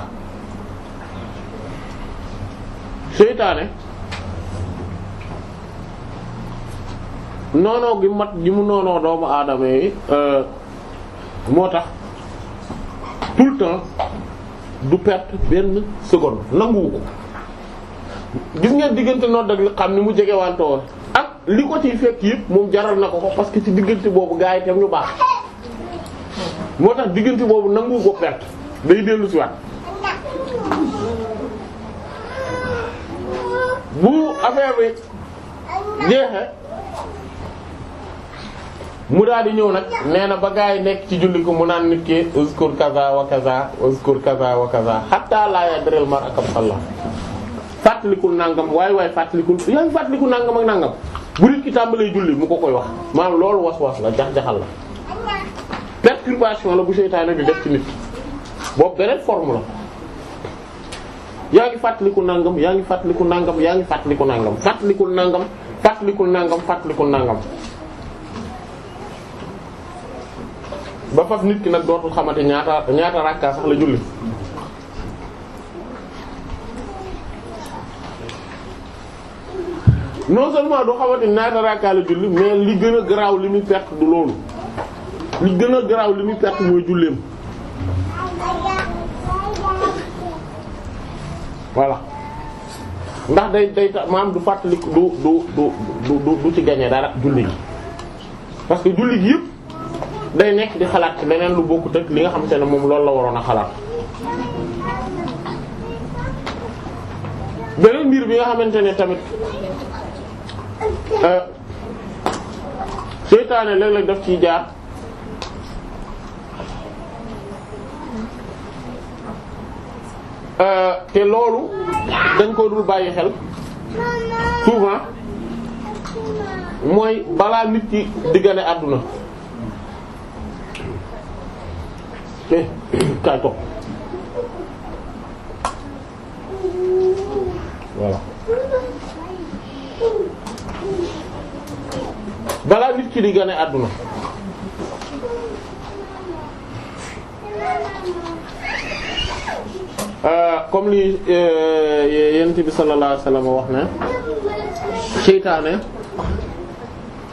seytaane noonoo gi mat gi mu noonoo doomu aadama yi euh, moo tax tout le temps du perte benn seconde nanguwu ko gis ngeen diggante noonu dag li xam ni mu jegewantoo ak li ko ciy fekk yëpp moom jaral na ko ko parce que ci diggante boobu gaa yi tam ñu baax moo tax diggante boobu nangu ko perte day dellu ci waat bu affaire bi jeexee mu daal di ñëw nag nee na ba gaa yi nekk ci julli ko mu naan nit ki uskur kaza wa kaza uskur kaza wa kaza hatta la yadril mar akam salla fàttalikul nangam waay waay fàttalikul yaa ngi fàttalikul nangam ak nangam bu nit ki tàmbalee julli mu ko koy wax maanaam loolu was was la jax jaxal la perturbation la bu seytaane di def ci nit boobu beneen forme la yaa ngi fàttaliku nangam yaa ngi fàttaliku nangam yaa ngi fàttaliku nangam fàttalikul nangam fàttalikul nangam fàttalikul nangam ba faf nit ki nag dootul xamante ñaata ñaata sax la julli non seulement doo xamante ñaata rakka la julli mais li gën a garaaw li muy perte loolu lu gën a garaaw li muy perte mooy julleem voilà ndax day day ta maanaam du fàttaliku du du du du du ci gañee dara julli gi parce que julli gi yëpp day nekk di xalaat leneen lu bokkut ak li nga xamante ne moom loolu la waroon a xalaat. beneen mbir bi nga xamante ne tamit euh, seytaane léeg-léeg daf ciy jaar. Euh, te loolu dañ ko dul bàyyi xel souvent mooy balaa nit ki di gane àdduna eh kaay balaa nit ki di gane àdduna Euh, comme lii euh, yonent bi sallallahu alayhi wasallam wax ne seytaane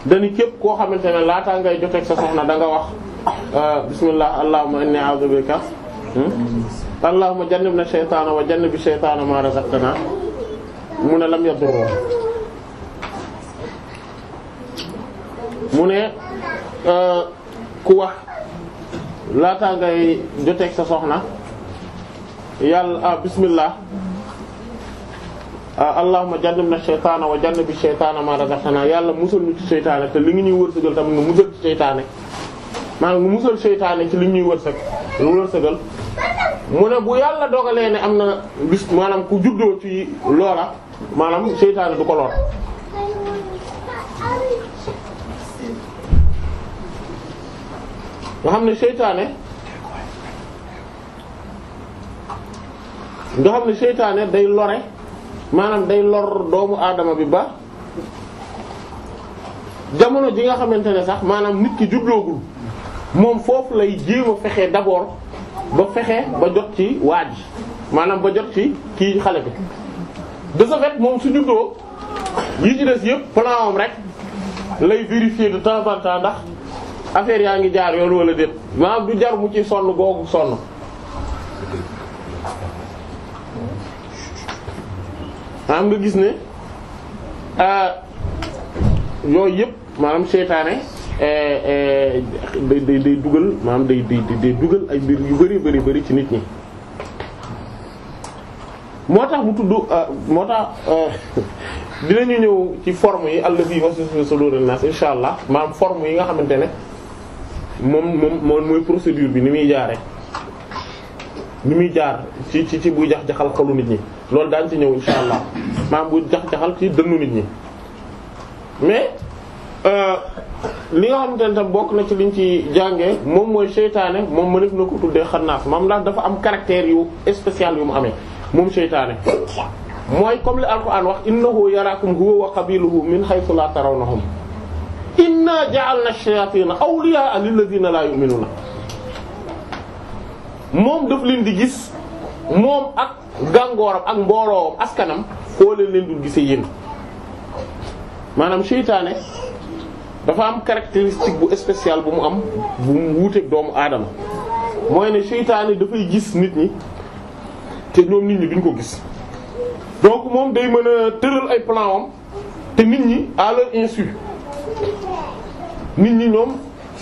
dañu képp koo xamante ne laataa ngay joteeg sa soxna da nga wax euh, bismillah allahumma inni a'udhu bika hmm? allahumma jannibna shaytaana wa jannibi shaytaana ma razaqtana mu ne lam yadurru mu ne ku wax laataa ngay joteeg sa soxna yàlla ah, bismillah ah, allahumma jannibna shaytaana wa jannibi shaytaana ma razaqtana yàlla musal ñu ci seytaane te li ngi ñuy wërsëgal tamit nga musal ci seytaane maanaam nga musal seytaane ci li ñuy wërsëg lu wërsëgal mu ne bu yàlla dogalee ne am na bis maanaam ku juddoo ci loola maanaam seytaane du ko lor nga xam ne seytaane nga xam ne seytaane day lore maanaam day lor doomu aadama bi ba jamono ji nga xamante ne sax maanaam nit ki juddoogul moom foofu lay jéem a fexe d'abord ba fexe ba jot ci waaj maanaam ba jot ci kii xale bi de ce moom su juddoo yi ci des yëpp plan am rek lay vérifier de temps ndax affaire yaa ngi jaar yoon wala déet maanaam du jar mu ci sonn googu sonn am nga gis ne ah, yooyu yëpp maanaam seytaane day eh, eh, day day dugal maanaam day day day dugal ay mbir yu bari bari bari ci nit ñi moo tax bu tudd ah, moo tax eh, dinañu ñëw ci form yi allazi yuwaswisu fi suduri nas insha allah maanaam forme yi nga xamante ne moom moom moom mooy procédure bi ni muy jaare ni muy jaar ci ci ci buy jax jaxal xalu nit ñi loolu daañ ci ñëw insha allah maam buy jax jaxal ci dënnu nit ñi mais euh, li nga xamante ne tam bokk na ci liñ ci jàngee moom mooy seytaane moom mënef na ko tuddee xannaas maam ndax dafa am caractère yu spécial yu mu amee moom seytaane mooy comme li alquran wax innahu yaraakum huwa wa qabiluhu min haythu la tarawnahum inna ja'alna ash-shayatina awliya'a lilladhina la yu'minuna moom daf leen di gis moom ak gàngooram ak mbooloowam askanam foo leen leen dul gisee yéen maanaam seytaane dafa am caractéristique bu spéciale bu mu am bu mu wuuteeg doomu aadama mooy ne seytaane dafay gis nit ñi te ñoom nit ñi duñ ko gis donc moom day mën a tëral ay plan te nit ñi à leur insu nit ñi ñoom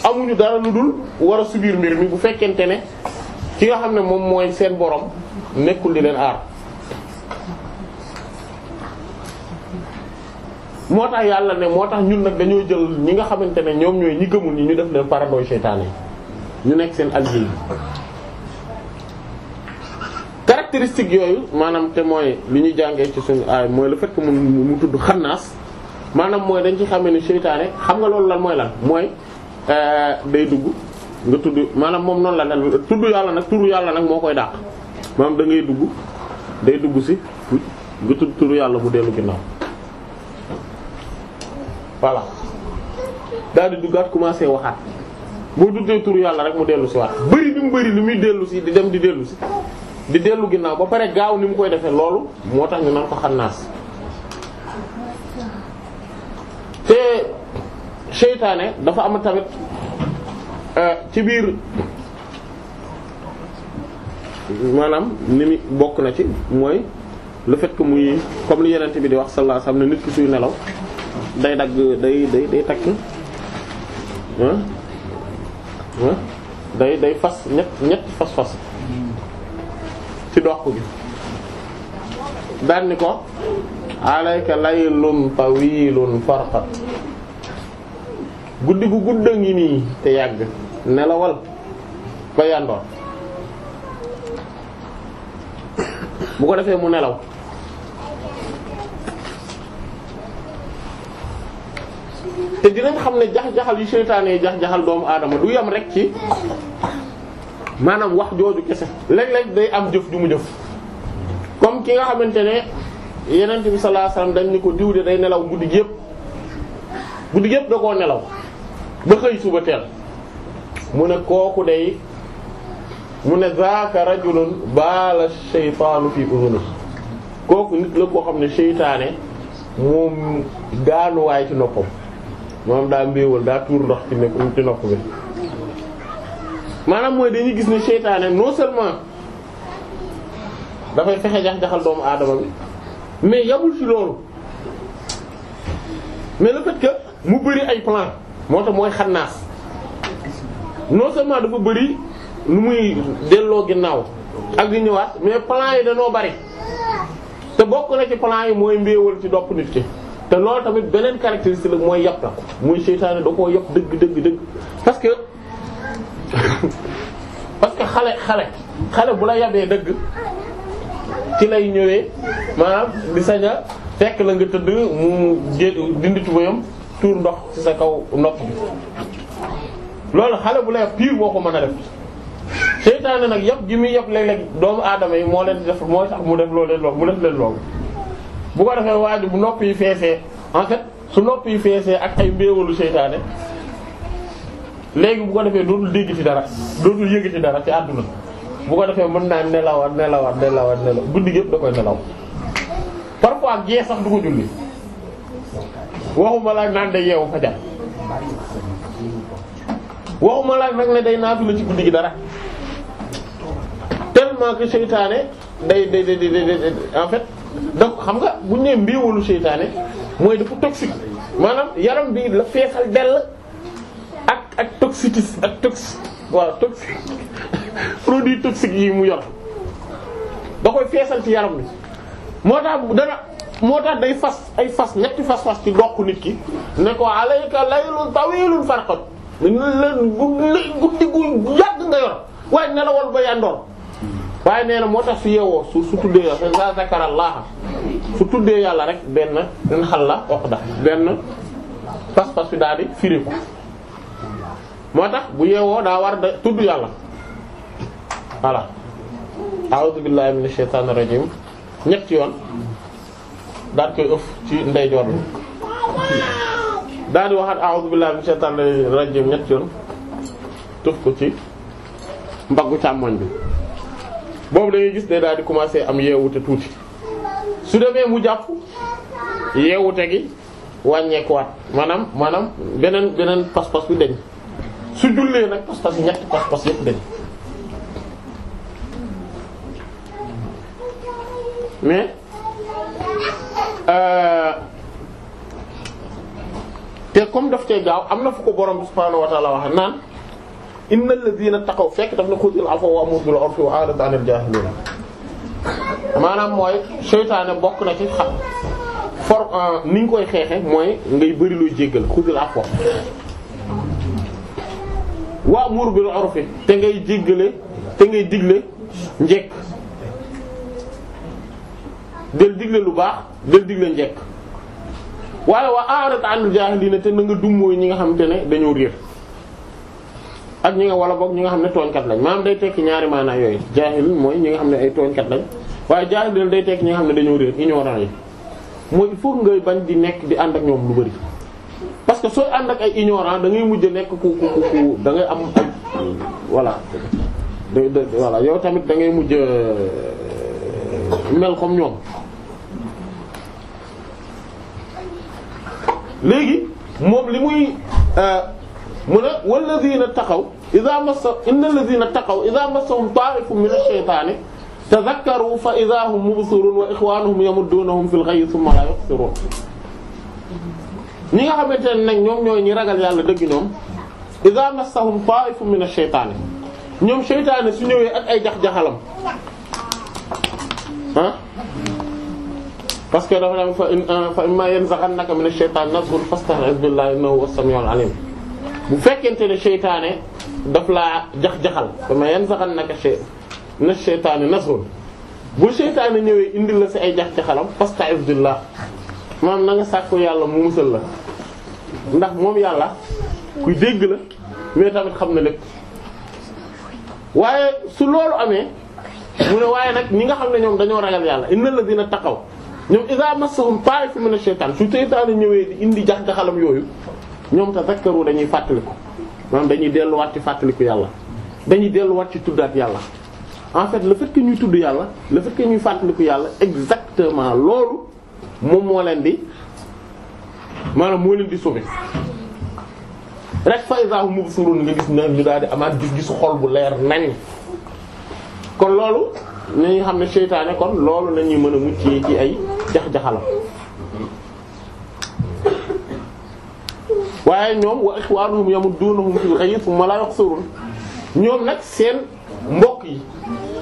amuñu dara lu dul war a subir mbir mi bu fekkente ne ki nga xam ne moom mooy seen borom nekkul di leen aar moo tax yàlla ne moo tax ñun nag dañoo jël ñi nga xamante ne ñoom ñooy ñi gëmul ñi ñu def leen paradooy seytaane ñu nekk seen alliés caractéristique yooyu maanaam te mooy li ñuy jàngee ci suñu aay mooy le fait que mu mu tudd xannaas maanaam mooy dañ ci xamee ni seytaane xam nga loolu lan mooy lan mooy euh, day dugg nga tudd maanaam moom noonu la ne tudd yàlla nag turu yàlla nag moo koy dàq maanaam da ngay dugg day dugg si nga tudd turu yàlla mu dellu ginnaaw voilà daal di duggaat commencé waxaat boo tuddee turu yàlla rek mu dellu si waat bëri bi mu bëri lu muy dellu si di dem di dellu si di dellu ginnaaw ba pare gaaw ni mu koy defee loolu moo tax ñu naan ko xannaas te seytaane dafa am tamit Euh, ci biir maanaam ni mi bokk na ci mooy le fait que muy comme li yenente bi di wax sallallahu alayhi wasallam ne nit ki suy nelaw day dagg day day day takk day day fas ñett ñett fas-fas ci doq bi daanni ko alayka laylun tawilun farqat guddi gu gudda ngi nii te yàgg nelawal ba yandoor bu ko defee mu nelaw te dinañ xam ne jax-jaxal yu seytaane yi jax-jaxal doomu aadama du yam rek ci maanaam wax jooju kese léeg-léeg day am jëf ju mu jëf comme ki nga xamante ne yenent bi sallallahu alayhi wasallam ko diw de day nelaw guddi gi yëpp guddi gi yëpp da koo nelaw ba xëy suba teel mu ne kooku day mu ne zaaka rajulun baala shaytaanu fi uduni kooku nit la koo xam ne seytaane moom gaanuwaay ci noppam moom daa mbéewal daa tuur ndox ci nekk ci nopp bi maanaam mooy dañuy gis ne seytaane non seulement dafay fexe jax-jaxal doomu aadama bi mais yabul si loolu mais le fait que mu bëri ay plan moo tax mooy xannaas non seulement dafa bëri lu muy delloo ginnaaw ak di ñëwaat mais plan yi dañoo bari te bokk na ci plan yi mooy mbéewal ci dopp nit ki te loolu tamit beneen caractéristique la mooy yàpp la muy seytaane da koo yàpp dëgg dëgg dëgg parce que parce que xale xale xale bu la yabee dëgg ci lay ñëwee maanaam di sañ a fekk la nga tëdd mu dindi tubayam tuur ndox ci sa kaw nopp bi loolu xale bu lay pire boo ko mën a def seytaane nag yàpp gi muy yàpp léeg-léeg doomu aadama yi moo leen di def mooy tax mu def loolu leen lool leen loolu bu ko defee waa bu nopp yi feesee en fait su nopp yi feesee ak ay mbéewalu seytaane léegi bu ko defee dootul dégg ci dara dootul yëg ci dara ci àdduna bu ko defee mën naa nelawaat nelawaat nelawaat nelaw guddi gi yëpp da koy nelaw parfois gee sax du ko julli waxuma la naan de yeewu fajar waxuma laaj nag ne day naatu la ci guddi gi dara tellement que seytaane day day day day en fait donc xam nga bu ñu nee mbiiwalu seytaane mooy dafa toxique maanaam yaram bi la feesal dell ak ak toxicité ak tox waaw toxique produit toxique yi mu yor da koy feesal ci yaram bi moo tax dana moo tax day fas ay fas ñetti fas fas ci doq nit ki ne ko alayka laylun tawilun farqat lan guddi gu yàgg nga yor waaye nelawal ba yandoor waaye nee na moo tax su yeewoo su su tuddee sa zakarallah su tuddee yàlla rek benn in xal la wax da benn pas-pas bi daal di firi ko moo tax bu yeewoo daa war da tudd yàlla voilà a'udhu billahi minash shaitanir rajim ñetti yoon daal koy ëf ci ndeyjoor bi daal di waxaat a'udhu billahi minash shaitanir rajim ñett yoon tëf ko ci mbaggu càmmooñ bi boobu da gis day daal di commencer am yeewute tuuti su demee mu jàpp yeewute gi wàññeekuwaat maanaam maanaam beneen beneen pas-pas bi deñ su jullee nag pas-pas yi pas-pas yépp deñ mais. Euh, te comme daf cee gaaw am na fu ko borom bi subhaanahu wa ta'aala wax naan innal fekk daf na xudil afwa wa amur bil urfi wa a'rid 'anil jaahiliin maanaam mooy bokk na ci xam for euh, ni koy xeexe mooy ngay bëri looy jéggal xudil afwa wa te ngay jéggale te ngay digle njekk del digle lu baax del digle njekk waaye waa a'rid anil jaahiliina te na nga dummóoy ñi nga xamante ne dañoo réer ak ñi nga wala boog ñi nga xam ne tooñkat lañ maam day tekki ñaari maanaa yooyu jaahil mooy ñi nga xam ne ay tooñkat lañ waaye jaahiliina day tekki ñi nga xam ne dañoo réer ignorant yi mooy il faut ngay bañ di nekk di ànd ak ñoom lu bari parce que sooy ànd ak ay ignorant dangay ngay mujj nekk ku ku ku da ngay am ay voilà yow tamit da ngay mujj euh, mel comme ñoom léegi moom li muy euh, mu ne walladhina taqaw idha massa innal ladhina taqaw idha massahum ta'ifun min ash-shaytani tadhakkaru fa idha hum mubsirun wa ikhwanuhum yamuddunahum fil ghayyi thumma la yuhsirun ñi nga xamante ne nag ñoom ñooy ñi ragal yàlla dëgg ñoom idha massahum ta'ifun min ash-shaytani ñoom seytaane su ñëwee ak ay jax-jaxalam ah parce que dafa dem euh, fa fa imma yanzaghannaka mina shaytaani nazghun fasta'idh billahi innahu huwa as-sami'ul 'alim bu fekkente ne seytaane daf laa jax-jaxal imma yanzaghannaka mina shaytaani nazghun bu seytaane ñëwee indil la si ay jax-jaxalam fasta'idh billah maanaam ma nga sàkku yàlla mu musal la ndax moom yàlla kuy dégg la mais tamit xam na lépp waaye su loolu amee mu ne waaye nag ñi nga xam ne ñoom dañoo ragal yàlla la dina taqaw ñoom iza massahum ta'ifun mina shaytaan su seytaane ñëwee di indi jax-jaxalam yooyu ñoom tazakkaru dañuy fàttaliku maanaam dañuy delluwaat ci fàttaliku yàlla dañuy delluwaat ci tuddaat yàlla en fait le fait que ñuy tudd yàlla le fait que ñuy fàttaliku yàlla exactement loolu moom moo leen di maanaam moo leen di sauver rek fa iza hum mubsirun nga gis na ñu daal di amaat gis-gisu xol bu leer nañ kon loolu nga xam ne seytaane kon loolu la ñuy mën a muccee ci ay jax-jaxala waaye ñoom wa du yamuddunahum fil ghayyi thumma la yaqsurun ñoom nag seen mbokk yi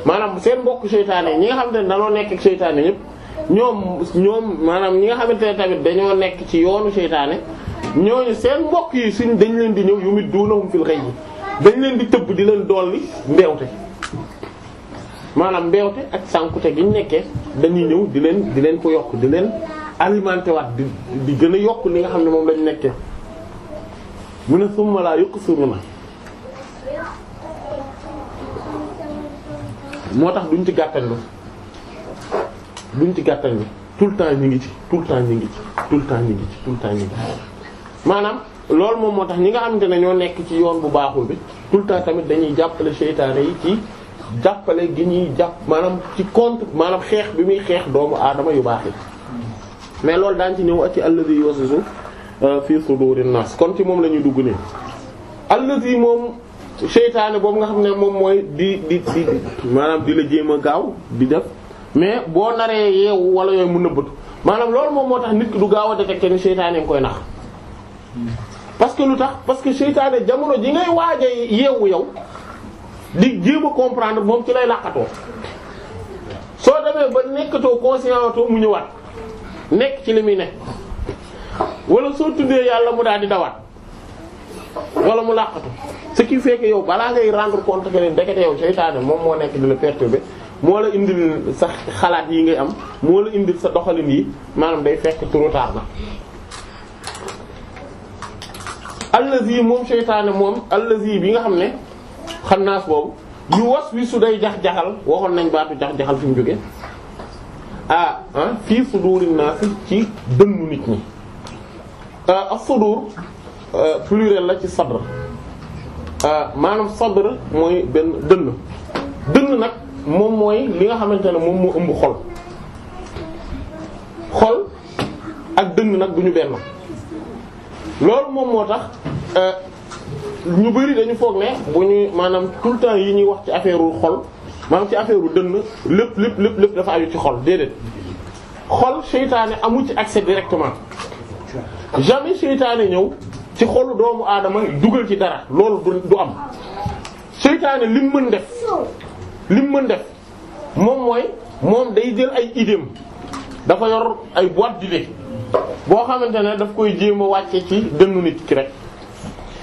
maanaam seen mbokk seytaane ñi nga xamante ne dañoo nekk ak seytaane yépp ñoom ñoom maanaam ñi nga xamante ne tamit dañoo nekk ci yoonu seytaane ñooñu seen mbokk yi suñ dañ leen di ñëw yumiddunahum fil ghayyi dañ leen di tëbb di leen dolli mbeewte maanaam mbeewte ak sànkute gi ñu nekkee dañuy ñëw di leen di leen ko yokk di leen alimenté waat di di gën a yokk li nga xam ne moom lañ nekkee mu ne summa laa na moo tax duñ ci gàttañlu duñ ci gàttañlu tout le temps ñu ngi ci tout le temps ñu ngi ci tout le temps ñu ngi ci tout le temps ñu ngi ci maanaam loolu moom moo tax ñi nga xamante ne ñoo nekk ci yoon bu baaxul bi tout le temps tamit dañuy jàppale seytaane yi ci jàppale gi ñuy jàpp maanaam ci contre maanaam xeex bi muy xeex doomu aadama yu baax yi mais loolu daañ ci ñëw ak ci allazi yuwaswisu euh, fi sudurin nas kon ci moom la ñuy dugg nii allazi moom seytaane boobu nga xam ne moom mooy di di di maanaam di la jéem a gaaw bi def mais boo naree yeewu wala yooyu mu nëbbatu maanaam loolu moom moo tax nit ki du gaaw a détecté ni seytaane nga koy nax hmm. parce que lu tax parce que seytaane jamono ji ngay waaja yeewu yow di jéem a comprendre moom ci lay làqatoo soo demee ba nekkatoo conscient mu ñëwaat nekk ci li muy wala soo tuddee yàlla mu daal di dawaat wala mu làqatu ce qui fait que yow balaa ngay rendre compte que ne ndekete yow seytaane moom moo nekk di la perturber moo la indil sa xalaat yi ngay am moo la indil sa doxalin yi maanaam day fekk trop tard na allazi moom seytaane moom allazi bi nga xam ne xannaas boobu yu was wi su day jax-jaxal waxoon nañ baatu jax-jaxal fi mu jóge ah ah fii suduurin naas ci dënnu nit ñi ak sudur pluriel la ci sadr maanaam sadr mooy benn dënn dënn nag moom mooy li nga xamante ne moom moo ëmb xol xol ak dënn nag bu ñu benn loolu moom moo tax ñu bari dañu foog ne bu ñuy maanaam tout yi ñuy wax ci affaire xol maanaam ci affaire dënn lépp lépp lépp lépp dafa aju ci xol déedéet xol seytaane amu ci accès directement jamais seytaane ñëw ci xolu doomu aadama dugal ci dara loolu du am seytaane lim mën def lim mën def moom mooy moom day jël ay idéem dafa yor ay boîte d'idées boo xamante ne daf koy jéem a wàcce ci dënnu nit ki rek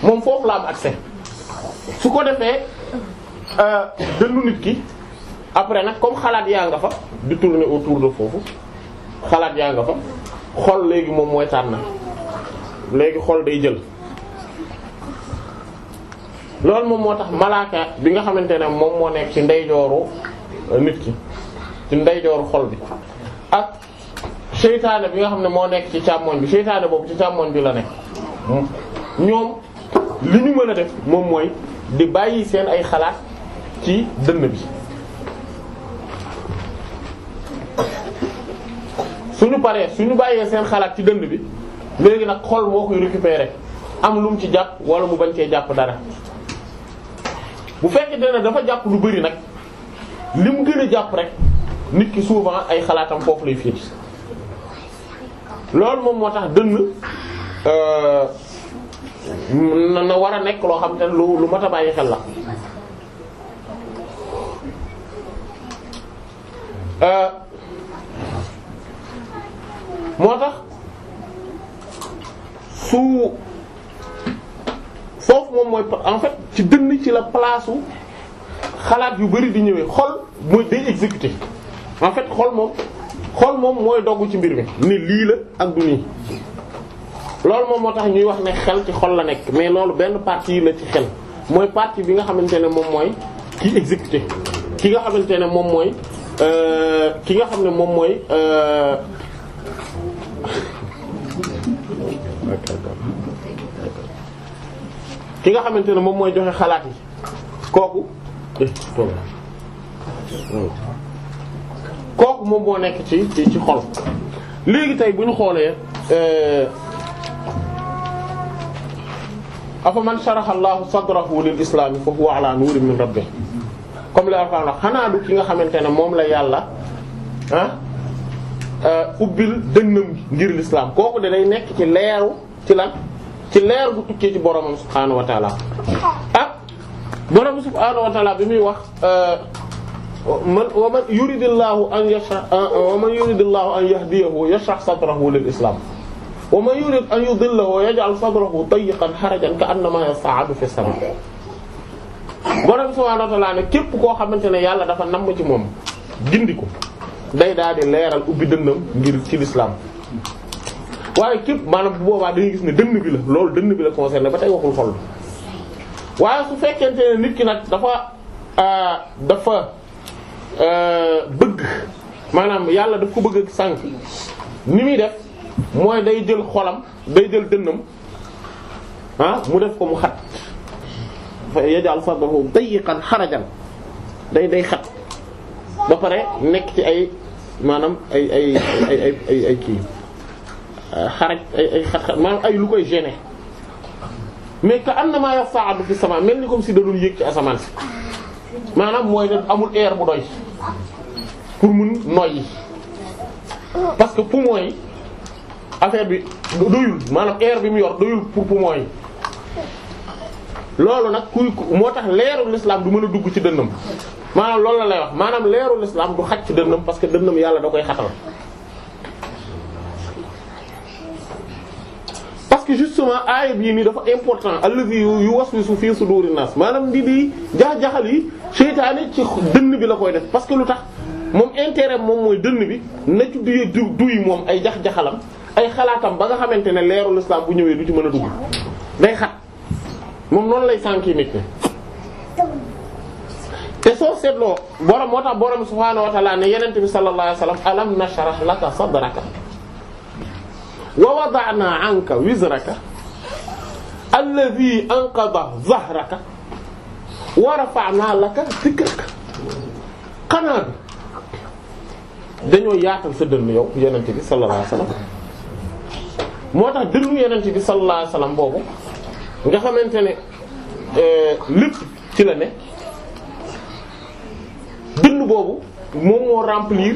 moom foofu la am accès su ko defee euh, dënnu nit ki après nag comme xalaat yaa nga fa di tourner autour de foofu xalaat yaa nga fa xol léegi moom mooy na léegi xol day jël loolu moom moo tax malaaka bi nga xamante ne moom moo nekk ci ndeyjooru euh, nit ki ci ndeyjooru xol bi ak seytaane bi nga xam ne moo nekk ci càmmoñ bi seytaane boobu ci càmmoñ bi la nekk ñoom li ñu mën a def moom mooy di bàyyi seen ay xalaat ci dënn bi suñu paree suñu bàyyee seen xalaat ci dënn bi léegi nag xol moo koy récupérer am lu ci jàpp wala mu bañ cee jàpp dara bu fekkee ne dafa jàpp lu bari nag li mu gën a jàpp rek nit ki souvent ay xalaatam foofu lay féete loolu moom moo tax dënn euh, na war a nekk loo xam te lu lu mat a bàyyi xel la euh, moo tax su foofu moom mooy en fait ci dënn ci la place xalaat yu bari di ñëwee xol mooy day exécuter en xol moom xol moom mooy dogg ci mbir mi ni lii la ak du nii loolu moom moo tax ñuy wax ne xel ci xol la nekk mais loolu benn partie la ci xel mooy parti bi nga xamante ne moom mooy ki exécuté nga xamante ne moom mooy euh, ki nga xam ne moom mooy. Euh, ki nga xamante ne moom mooy joxe xalaat yi kooku eh, kooku moom moo nekk ci ci ci xol léegi tey bu ñu xoolee euh, afa man sharaha Allahu sadrahu lil islam fa huwa ala nurin min rabbih comme la Alxuraan xanaa du ki nga xamante ne moom la yàlla ah euh, ubbil dënnam ngir l'islam kooku de day nekk ci leeru ci lan ci leer bu tukkee ci boromam subhaanahu wa taala ah borom bi muy wax euh, man wa man yuridillahu an an yahdiyahu yashrah sadrahu lil islam wa man yurid an yudillahu yaj'al sadrahu dayyiqan harajan ka'annama yas'adu fi sama borom subhanahu wa ta'ala ne képp koo xamante ne yàlla dafa namm ci moom gindi ko day daal di leeral ubbi dënnam ngir ci lislaam waaye képp maanaam bu boobaa dañuy gis ne dënn bi la loolu dënn bi la concerné ba tey waxul xol waaye su fekkente nit ki nag dafa euh, dafa euh, bëgg maanaam yàlla daf ko bëgg ak sànq ni muy def. mooy day jël xolam day jël dënnam ah mu def ko mu xat fa yajal sadruhu dayiqan xarajan day day xat ba pare nekk ci ay maanaam ay ay ay ay ay ay kii xaraj ay ay xat-xat maanaam ay lu koy gêner mais ka annama yas'adu fi sama mel ni comme si da doon yéeg ci asamaan si maanaam mooy ne amul air bu doy pour mun noyyi parce que poumon yi affaire bi doyul maanaam air bi mu yor doyul pour poumon yi loolu nag kuy moo tax leeru l'islam du mën a dugg ci dënnam maanaam lool la lay wax maanaam leeru l'islam du xaj ci dënnam parce que dënnam yàlla da koy xatal parce que justement aaya bii nii dafa important allazi yuwaswisu fi suduri nas maanaam ndi di jax yi seytaane ci dënn bi la koy def parce que lu tax moom intéret moom mooy dënn bi na ci duye du duy moom ay jax-jaxalam ay xalaatam ba nga xamante ne leeru l'islam bu ñëwee du ci mën a dugg day xat moom noonu lay sànki nit te soo seetloo borom moo tax borom subhaanahu wa ta'ala ne yonent bi sallallahu alayhi wa sallam alam nashrah laka sadraka wa wada'na 'anka wizraka alladhi anqadha dhahraka wa rafa'na laka dhikraka xanaa bi dañoo yaatal sa dënn yow yonent bi sallallahu alayhi moo tax dënnu ci bi salaa alayhi wasallam boobu nga xamante ne euh, lépp ci la ne dënn boobu moom moo remplir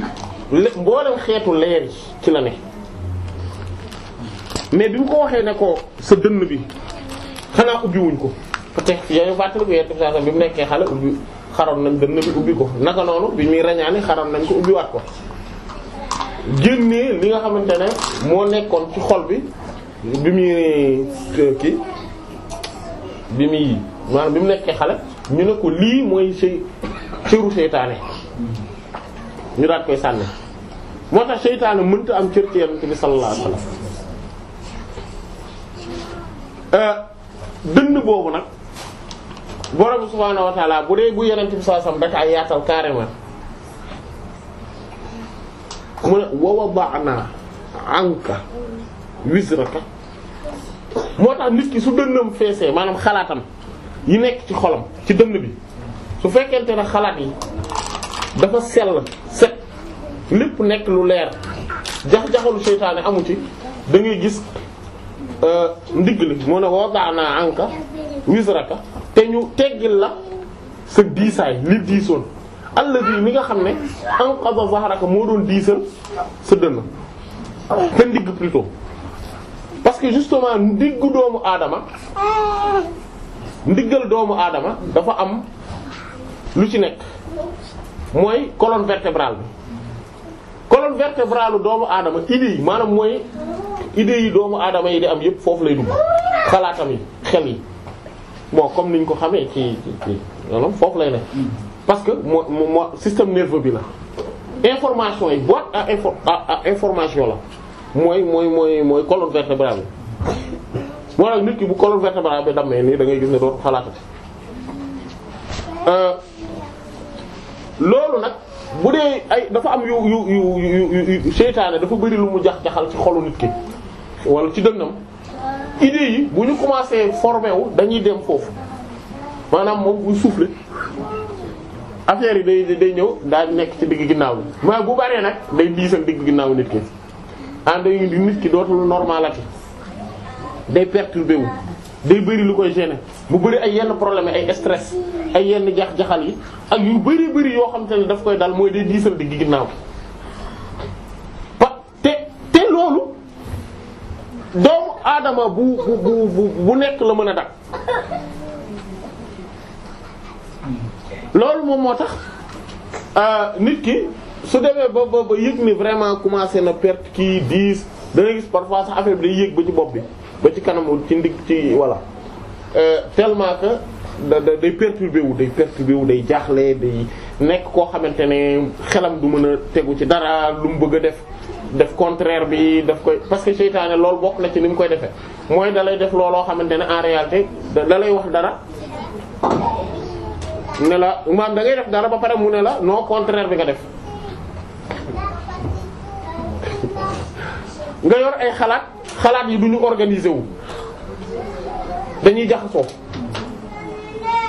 mboolem xeetu leer ci la ne mais bi mu ko waxee ne ko sa dënn bi xanaa ubbiwuñ ko peut-être yaa ngi fàttali ko yenn saa bi mu nekkee xale ubbi xaroon nañ dënn bi ubbi ko naka noonu bi muy rañaani xaroon nañ ko ubbiwaat ko. génnee li nga xamante ne moo nekkoon ci xol bi bi muy euh, kii bi muy maanaam bi mu nekkee xale ñu ne ko lii mooy sey cëru seytaane ñu daat koy sànni moo tax seytaane mënta am cër ci yonent bi sallallahu euh, dënn boobu nag borom subhaanahu wa ta'ala bu dee bu yonent bi sallallahu alayhi wasallam yaatal carrément mu ne wa wada'na anka wizraka moo tax nit ki su dënnam feesee maanaam xalaatam yi nekk ci xolam ci dënn bi su fekkente ne xalaat yi dafa sell set lépp nekk lu leer jax-jaxalu seytaane amu ci da gis euh, ndigg li mu ne wada'na anka wizraka te ñu teggil la sa diisaay li diisoon alladi mi nga xam ne anqadha zahraka moo doon diisal sa dënn te ndigg plutôt parce que justement ndiggu doomu aadama ndiggal doomu aadama dafa am lu ci nekk mooy colonne vertébrale bi colonne vertébrale doomu aadama idées yi maanaam mooy idées yi doomu aadama yi di am yépp foofu lay dugg xalaatam yi xel yi bon comme niñ ko xamee ci ci ci foofu lay nekk parce que moo moo système nerveux bi la information yi boîte à info à information la mooy mooy mooy mooy colonne vertébrale moo tax nit ki bu colonne vertébrale bi dammee nii dangay ngay gis ne dootu xalaatati euh, loolu nag bu dee ay dafa am yu yu yu yu seytaane dafa bëri lu mu jax jaxal ci xolu nit ki wala ci dënnam idées yi bu ñu commencé formé wu dañuy dem foofu maanaam moom bu soufflé affaire yi day day ñëw daal nekk ci digg ginnaaw bi ma bu baree nag day diisal digg ginnaaw nit ki en ah, day di nit ki dootul normalati day perturbé wu day bëri lu koy gêner mu bëri ay yenn problème ay stress ay yenn jax-jaxal yi ak yu bëri bëri yoo xam te ne daf koy dal mooy day diisal digg ginnaaw pa te te loolu doomu aadama bu bu bu bu nekk la mën a dak loolu moom moo tax euh, nit ki su demee ba ba ba yëg ni vraiment commencé na perte kii diis dana gis parfois sax affaire bi day yëg ba ci bopp bi ba ci kanamul ci ndig ci voilà euh, tellement que da da day perturbé wu day perturbé wu day jaaxle day nekk koo xamante ne xelam du mën a tegu ci dara lu mu bëgg a def def contraire bi daf koy parce que seytaane loolu bokk na ci ni mu koy defee mooy da lay def looloo xamante ne en réalité da lay wax dara. ne la maanaam da ngay def dara ba pare mu ne la noo contraire bi nga def nga yor ay xalaat xalaat yi du ñu organiser wu dañuy jaxasoo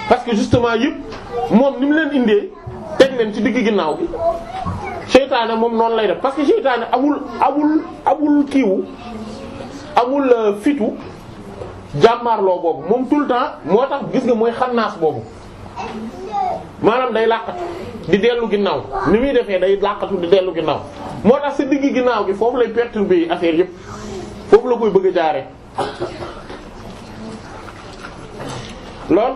parce que justement yëpp moom ni mu leen indee teg leen ci digg ginnaaw bi seytaane moom noonu lay def parce que seytaane amul amul amul kiiwu amul euh, fitu jàmmaarloo boobu moom tout temps moo tax gis nga mooy xannaas boobu maanaam day làqatu di dellu ginnaaw ni muy defee day làqatu di dellu ginnaaw moo tax si digg ginnaaw gi foofu lay perturber bi affaire yépp foofu la koy bëgg a jaaree lool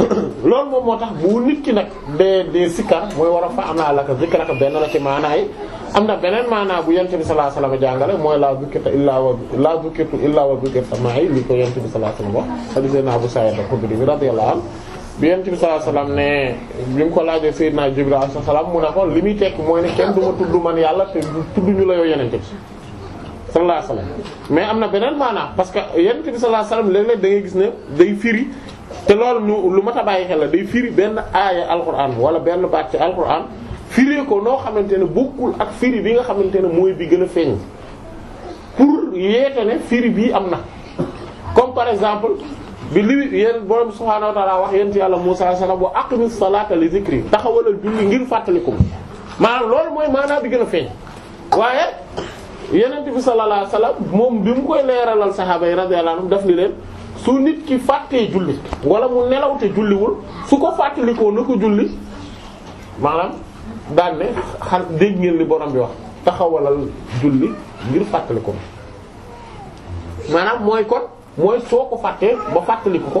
loolu moom moo tax bu nit ki nag de de sikkar mooy war a fa am naa laka zikraka benn la ci maanaa yi am na beneen maanaa bu yent bi sallallahu alayhi wasallam jàngale mooy laa zikirta illaa wa laa zikirtu illaa wa zikirta ma'i li ko yent bi sallallahu alayhi wasallam wax hadith na Abu Sa'id al-Khudri radiyallahu anhu bi yonent bi sallallahu alayhi ne bi mu ko laajee Seydina Jibril alayhi salaam mu ne ko li muy tekk mooy ne kenn du ma tudd man yàlla te tudd ñu la yow yonent bi sallallahu alayhi mais am na beneen maanaam parce que yonent bi sallallahu alayhi wasallam léeg-léeg ngay gis ne day firi te loolu lu mat a bàyyi xel la day firi benn aaya alquran wala benn baat ci alquran firi ko noo xamante ne bokkul ak firi bi nga xamante ne mooy bi gën a feeñ pour yeete ne firi bii am na bi li yéen borom subhaanahu wa ta'aala wax yéen ci yàlla Muusaa salaam wa aqimis salaata li zikri taxawalal julli ngir fàttalikum maanaam loolu mooy maanaam bi gën a feeñ waaye yonent bi sallallahu alayhi wa sallam moom bi mu koy leeralal saxaaba yi radiyallahu anhum def ni leen su nit ki fàttee julli wala mu nelaw te julliwul su ko fàttalikoo na ko julli maanaam daan ne dégg ngeen li borom bi wax taxawalal julli ngir fàttalikum maanaam mooy kon. mooy soo ko fàttee ba fàttaliku ko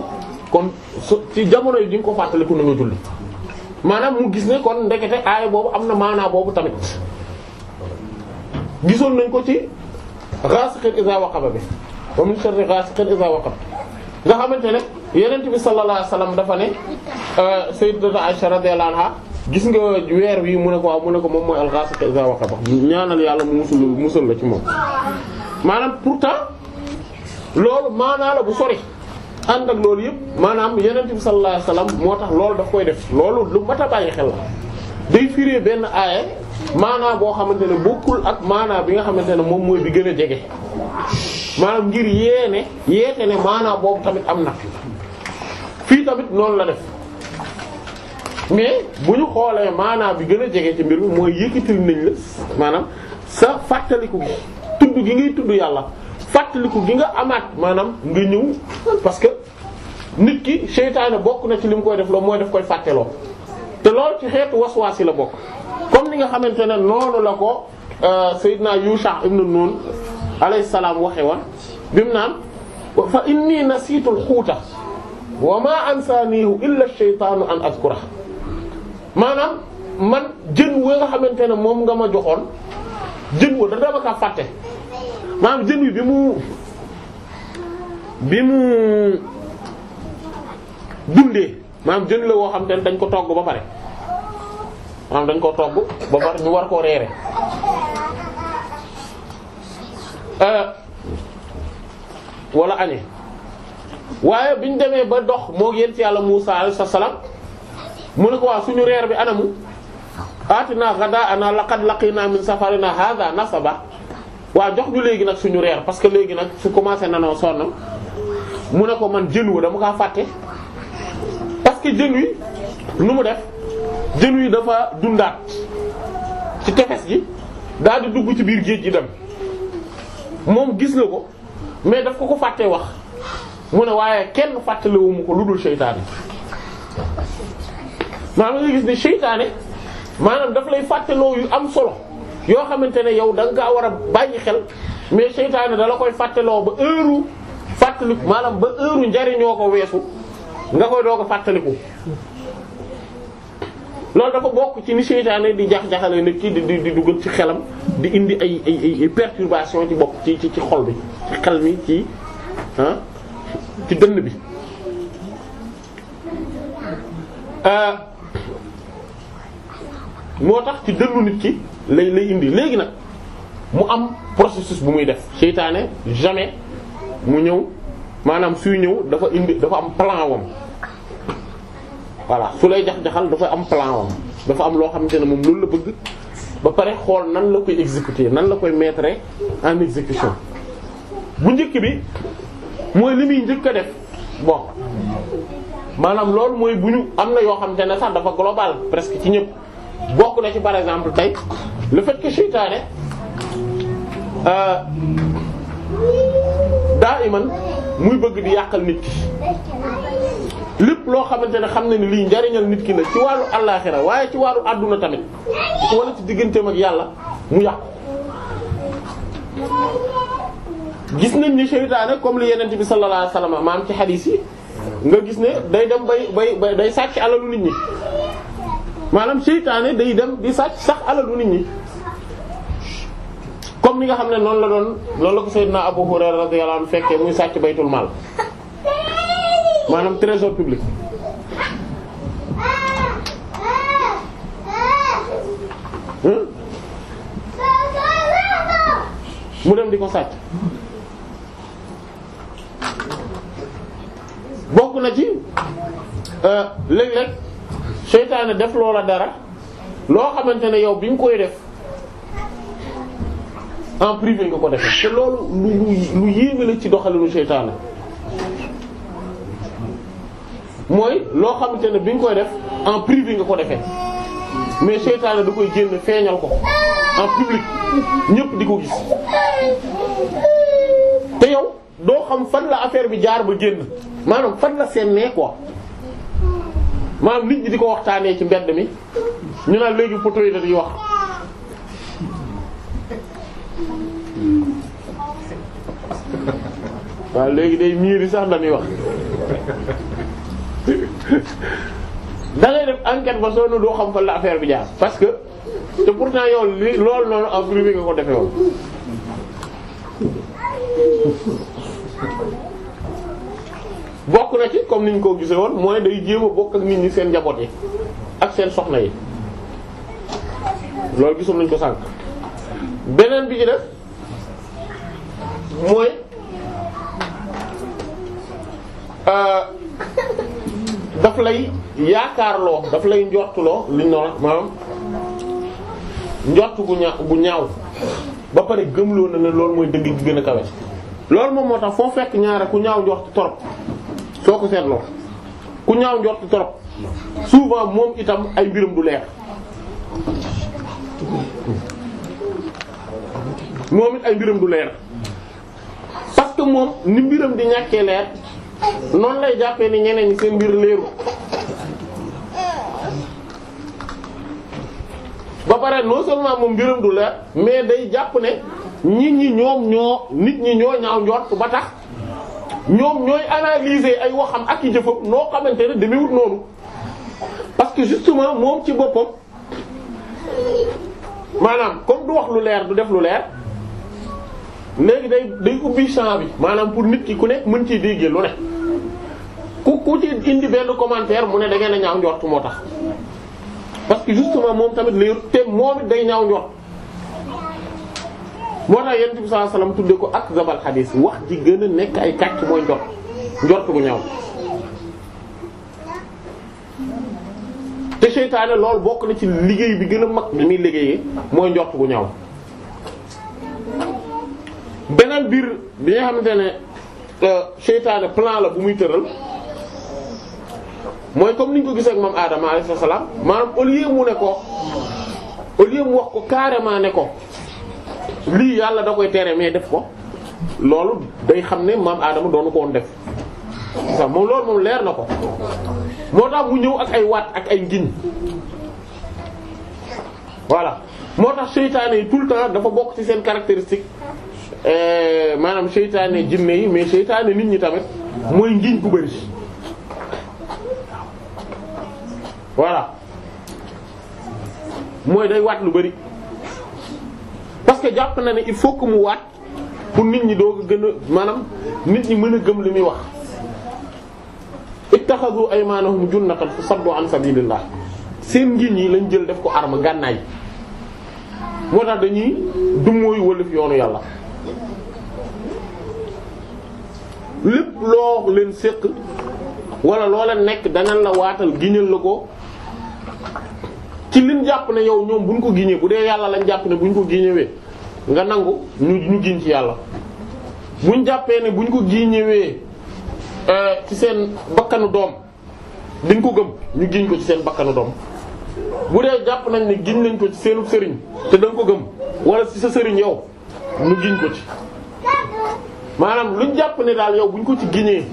kon so ci jamono yi di ko fàttaliku na nga julli maanaam mu gis ne kon ndekete aaya boobu am na maanaa boobu tamit gisoon nañ ko ci ghasiqin iza waqaba bi wa min sharri ghasiqin iza waqab nga xamante ne yenent bi sallallahu alayhi wasallam dafa ne euh, sayyidatu Aisha radiyallahu anha gis nga weer wi mu ne ko waaw mu ne ko moom mooy al ghasiq iza waqaba ñaanal yàlla mu musul musul la ci moom maanaam pourtant loolu maanaa la bu sori ànd ak loolu yëpp maanaam yenent bi sallallahu alayhi moo tax loolu daf koy def loolu lu mat a bàyyi xel la day firé benn aaya maanaa boo xamante ne bokkul ak maanaa bi nga xamante ne moom mooy bi gën a jege maanaam ngir yeene yeete ne maanaa boobu tamit am na fii tamit noonu la def mais bu ñu xoolee maanaa bi gën a jege ci mbir mi mooy yëkkatil nañ la maanaam sa fàttaliku gi tudd gi ngay tudd yàlla fàttaliku gi nga amaat maanaam nga ñëw parce que nit ki seytaane bokk na ci li mu koy def loo mooy def koy fàtteloo te loolu ci xeetu waswaas yi la bokk comme ni nga xamante ne noonu la ko euh, Seydina Yusha ibn Nun alayhi salaam waxe woon bi mu naan fa inni nasiitul xuuta wa ma ansaanihu illa sheytaanu an azkura maanaam man jën wa nga xamante ne moom nga ma joxoon jën wa da dama ka fàtte maanaam jën wi bi mu bi mu dundee maanaam jën la woo xam te dañ ko togg ba pare maanaam dañ ko togg ba pare ñu war koo reere euh, wala añee waaye biñ demee ba dox moo yent yàlla Muusaa alayhi salaam mu ne ko waa suñu reer bi anamu aatinaa ghadaa ana laqad laqinaa min safarina hadha nasaba waa jox ñu léegi nag suñu reer parce que léegi nag su commencé nanoo sonn mu ne ko man jën wu dama kaa fàtte parce que jën wi nu mu def jën wi dafa dundaat ci tefes gi daal di dugg ci biir géej gi dem moom gis na ko mais daf ko ko fàtte wax mu ne waaye kenn fàttaliwu ko lu dul seytaane maanaam nga gis ne seytaane maanaam daf lay fàtteloo yu am solo yoo xamante ne yow da nga war a bàyyi xel mais seytaane dala koy fàttaloo ba heure fàttaliku maanaam ba heure njariñoo ko weesu nga koy doog fàttaliku loolu ko bokk ci ni seytaane di jax-jaxale nit ki di di di dugal ci xelam di indi ay ay ay perturbation ci bopp ci ci ci xol bi ci xel mi ci ci dënn bi euh, moo tax ci dënnu nit ki lay lay indi léegi nag mu am processus bu muy def seytaane jamais mu ñëw maanaam suy ñëw dafa indi dafa am plan wam voilà su lay jax-jaxal dafa am plan wam dafa am loo xamante ne moom loolu la bëgg ba pare xool nan la koy exécuter nan la koy metre en exécution bu njëkk bi mooy li muy njëkk a def bon maanaam loolu mooy bu ñu am na yoo xamante ne sax dafa global presque ci ñëpp bokk na ci par exemple tey lu fekk que seytaane euh, daa iman muy bëgg di yàqal nit ki lépp loo xamante ne xam na ni lii njariñal nit ki la ci wàllu àllaaxira waaye ci wàllu àdduna tamit wala ci diggante mag yàlla mu yàqu gis nañ ni seytaane comme li yeneen bi sallallahu alayhi wasallam maam ci xadiis yi nga gis ne day dem bay bay bay day sàcc alalu nit ñi maanaam seytaane day dem di sàcc sax alalu nit ñi comme nga xam ne noonu la doon loolu la ko Seydina Abu Hurayra radiyallahu anhu fekkee muy sàcc baytul maal maanaam trésor public hmm? mu dem di ko sàcc bokk na ci euh, léeg-léeg seytaane def loola dara loo xamante ne yow bi nga koy def en privé nga ko defee te loolu lu lu yéeme la ci doxalinu seytaane mooy loo xamante ne bi nga koy def en privé nga ko defee mais seytaane da koy génn feeñal ko en public ñépp di ko gis te yow doo xam fan la affaire bi jaar ba génn maanaam fan la seen nee quoi maanaam nit di ko waxtaanee ci mbedd mi ñu naan léegi poto yi dañuy wax. Hmm. waaw léegi day miir yi sax dañuy wax da ngay def enquête ba soo doo xam fa la affaire bi jaar parce que te pourtant yoon li lool noonu en privé nga ko defee woon. bokk na ci comme ni ñu ko gisee woon mooy day jéem a bokk ak nit ñi seen jaboot yi ak seen soxna yi loolu gisoon nañ ko sànq. beneen bi ci mooy euh, daf lay yaakaarloo daf lay njortuloo liñ noonu maanaam njort gu ñaaw gu ñaaw ba pare gëmloo na ne loolu mooy dëgg gi gën a kawe loolu moom moo tax foo fekk ñaare ku ñaaw njort torop soo ko seetloo ku ñaaw njort torop souvent moom itam ay mbiram du leer moom it ay mbiram du leer parce que moom ni mbiram di ñàkkee leer noonu lay jàppee ni ñeneen seen mbir leeru ba pare non seulement moom mbiram du leer mais day jàpp ne nit ñi ñoom ñoo nit ñi ñoo ñaaw njort ba tax ñoom ñooy analyser ay waxam ak i jëfam noo xamante ne demewut noonu parce que justement moom ci boppam maanaam comme du wax lu leer du def lu leer léegi day day ubbi champ bi maanaam pour nit ki ku nekk mën ci déggee lu ne ku ku ci indi benn commentaire mu ne da ngeen a ñaaw njort moo tax parce que justement moom tamit la yor day ñaaw njort moo tax yonent bi sallallahu alayhi wasallam tudde ko ak zabal xadiis wax ji gën a nekk ay kàcc mooy njort njort bu ñaaw te seytaane loolu bokk na ci liggéey bi gën a mag bi muy liggéeyee mooy njort gu ñaw beneen biir bi nga xamante ne euh, seytaane plan la bu muy tëral mooy comme niñ ko gis ak moom Adama alayhi salaam maanaam au lieu mu ne ko au mu wax ko carrément ne ko lii yàlla da koy tere mais def ko loolu day xam ne maam Adama doonu ko woon def moom loolu moom leer na ko moo tax mu ñëw ak ay waat ak ay ngiñ voilà moo tax seytaane yi tout le temps dafa bokk ci seen caractéristique Euh, maanaam seytaane jinne yi mais seytaane nit ñi tamit mooy ngiñ ku bëri voilà mooy day waat lu bëri parce que jàpp na ne il faut que mu waat pour nit ñi doo gën a maanaam nit ñi mën a gëm lu muy wax ittakhadhu aymanahum junnatan fasaddu an sabilillah seen ngiñ yi lañ jël def ko arme gànnaay moo tax dañuy dummóoyu wëlëf yoonu yàlla lépp loo leen séq wala leen nekk danañ la waatal giñal la ko ci liñ jàpp ne yow ñoom buñ ko giñee bu dee yàlla lañ jàpp ne buñ ko giñewee nga nangu ñu ñu ci yàlla buñ jàppee ne buñ ko giñewee euh, ci seen bakkanu doom diñ ko gëm ñu giñ ko ci seen bakkanu doom bu dee jàpp nañ ne giñ nañ ko ci seenu sëriñ te dañ ko gëm walla ci sa sëriñ yow ñu giñ ko ci maanaam luñ jàpp ne daal yow buñ ko ci giñee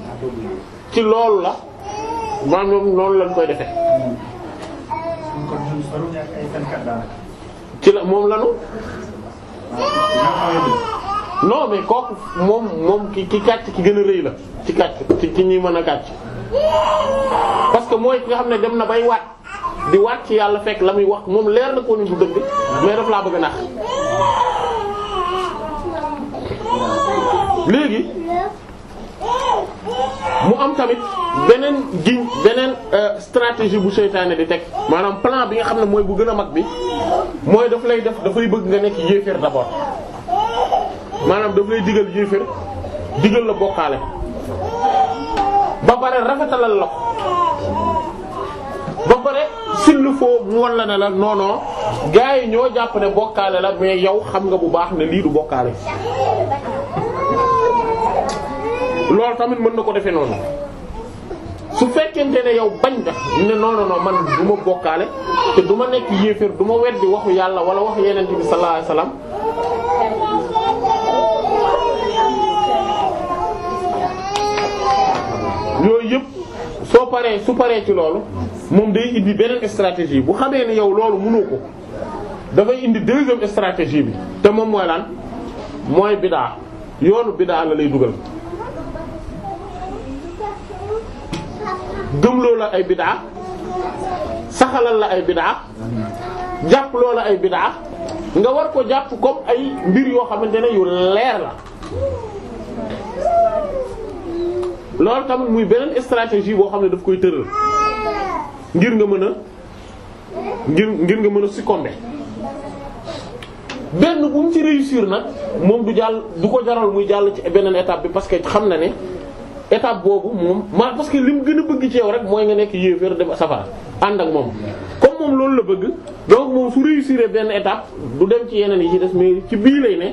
ci loolu la maanaam ñoom noonu lañ koy defee. ci la moom lanu non mais kooku moom moom ki ki kàcc ki gën a rëy la ci kat ci ci mën a kàcc parce que mooy ki nga xam ne dem na bay waat di waat ci yàlla fekk la muy wax moom leer na ko ni du dëgg mais daf laa bëgg a nax léegi mu am tamit beneen giñ beneen euh, stratégie bu seytaane di teg maanaam plan bi nga xam ne mooy bu gën a mag bi mooy daf lay def dafay bëgg nga nekk yéeféer d'abord maanaam daf lay digal yéeféer digal la bokkaale ba pare rafetalal la ba pare s'il le faut mu la ne la non non yi ñoo jàpp ne bokkaale la mais yow xam nga bu baax ne lii du bokkaale loolu tamit mën na ko defee noonu su fekkente ne yow bañ nga ne noonu non non man du ma bokkaale te du ma nekk yéeféer du ma weddi waxu yàlla wala wax yeneen bi sallallahu alayhi wasallam yooyu yëpp soo paree su paree ci loolu moom day indi beneen stratégie bu xamee ne yow loolu mënoo ko dafay indi deuxième stratégie bi te moom mooy lan mooy bidaa yoonu bidaa la lay dugal. gëmloo la ay bid'a saxalal la ay bid'a jàpp loo la ay bid'a nga war ko jàpp ko ay mbir yoo xamante ne yu leer la loolu tamit muy beneen stratégie boo xam ne daf koy tëral ngir nga mën a ngir ngir nga mën a succomber benn bu mu ci réussir nag moom du jàll du ko jaral muy jàll ci beneen étape bi parce que xam na ne étape boobu moom ma parce que li mu gën a bëgg ceew rek mooy nga nekk yéeféer dem safara ànd ak moom comme moom loolu la bëgg donc moom su réussir benn étape du dem ci yeneen yi ci des mais ci bii lay ne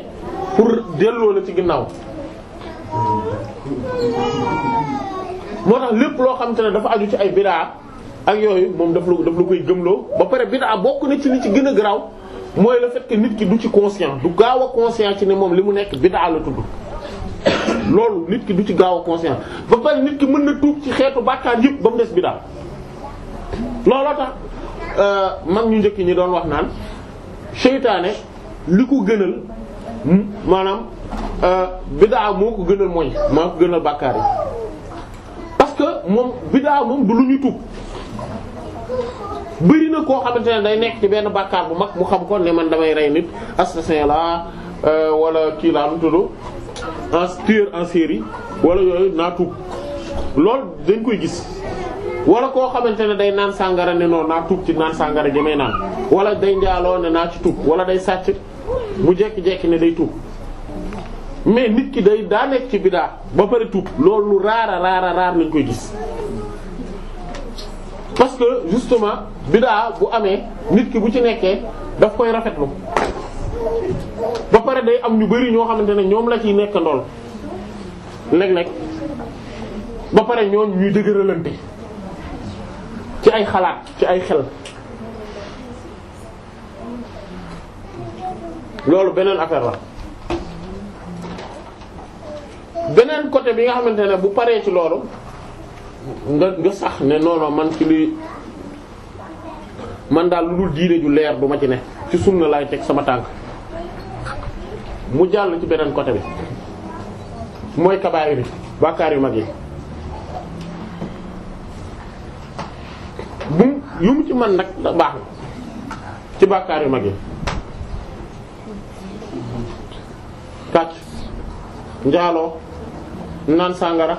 pour delloo la ci ginnaaw moo tax lépp loo xam te ne dafa aju ci ay bidaa ak yooyu moom daf la daf la koy gëmloo ba pare bidaa bokk na ci li ci gën a garaaw mooy le fait nit ki du ci conscient du gaaw a conscient ci ne moom li mu nekk bidaa la tudd loolu nit ki du ci gaaw a conscient ba pare nit ki mën na tuub ci xeetu bàkkaar yëpp ba mu des bidaa looloo tax euh, mag ñu njëkk ñi doon wax naan seytaane li ko gënal maanaam euh, bidaa moo ko gënal mooy moo ko gënal bàkkaar yi parce que moom bidaa moom du lu ñu tuub bëri na koo xamante ne day nekk ci benn bàkkaar bu mag mu xam ko ne man damay rey nit assassin la euh, wala kii laa lu tudd en tueur en série wala yooyu naa tuub loolu dañ koy gis wala koo xamante ne day naan sàngara ne noonu naa tuub ci naan sàngara jamee naan wala day njaaloo ne naa ci tuub wala day sàcc mu jekki-jekki ne day tuub mais nit ki day daa nekk ci bidaa ba pare tuub loolu lu raara raara raar nañ koy gis parce que justement bidaa bu amee nit ki bu ci nekkee daf koy rafet rafetlu ba pare day am ñu bari ñoo xamante ne ñoom la ci nekk ndool léeg-léeg ba pare ñoon ñuy dëgëralante ci ay xalaat ci ay xel loolu beneen affaire la beneen côté bi nga xamante ne bu paree ci loolu nga nga sax ne non non man ci li man daal lu dul diine ju leer du ma ci ne ci sunna laay teg sama tànk mu jàll ci beneen côté bi mooy kabaayir bi bàkkaar yu mag yi bu yu mu ci man nag baax na ci bàkkaar yu mag yi kàcc njaaloo naan sàngara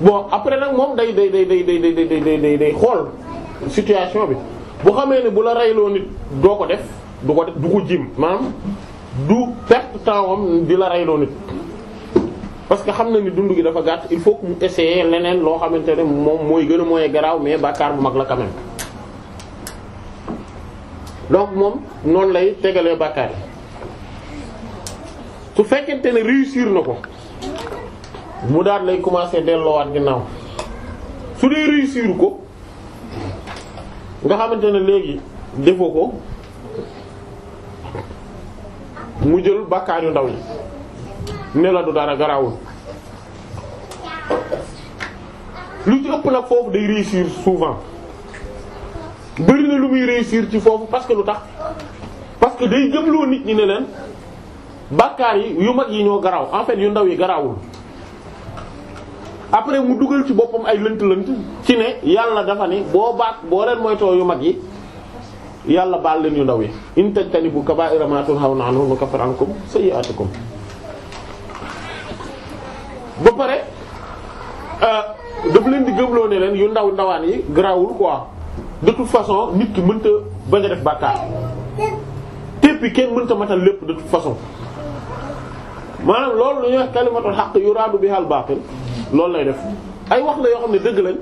boo après nag moom day day day day day day day day day xool situation bi bu xamee ne bu la reyloo nit doo ko def du ko def du ko jim maanaam du perte temps am di la reyloo nit parce que xam na ni dund gi dafa gàtt il faut que mu essayer leneen loo xamante ne moom mooy gën a mooy garaaw mais bàkkaar bu mag la quand donc moom noonu lay tegalee bàkkaar yi su fekkente ne réussir na ko mu daal lay commencer delloowaat ginnaaw su dee réussir ko nga xamante ne léegi defoo ko mu jël bàkkaar yu ndaw yi ne du dara garaawul lu ci ëpp nag foofu day réussir souvent bëri na lu muy réussir ci foofu parce que lu tax parce que day gëmloo nit ñi ne leen bàkkaar yi yu mag yi ñoo garaaw en yu ndaw yi garaawul après mu dugal ci boppam ay lënt-lënt ci ne yàlla dafa ne boo baat boo leen moytoo yu mag yi yàlla baax leen yu ndaw yi in tajtanibu kabaa'ira maa tunhawna anhu nukaffir ankum sayyi'aatikum ba pare euh, daf leen di gëmloo ne leen yu ndaw ndawaan yi grawul quoi de toute façon nit ki mënta bañ a def bàkkaar téppi kenn mënta matal lépp de toute façon maanaam loolu lu ñuy wax yu haqq bi bihal baatil loolu lay def ay wax la yoo xam ne dëgg lañ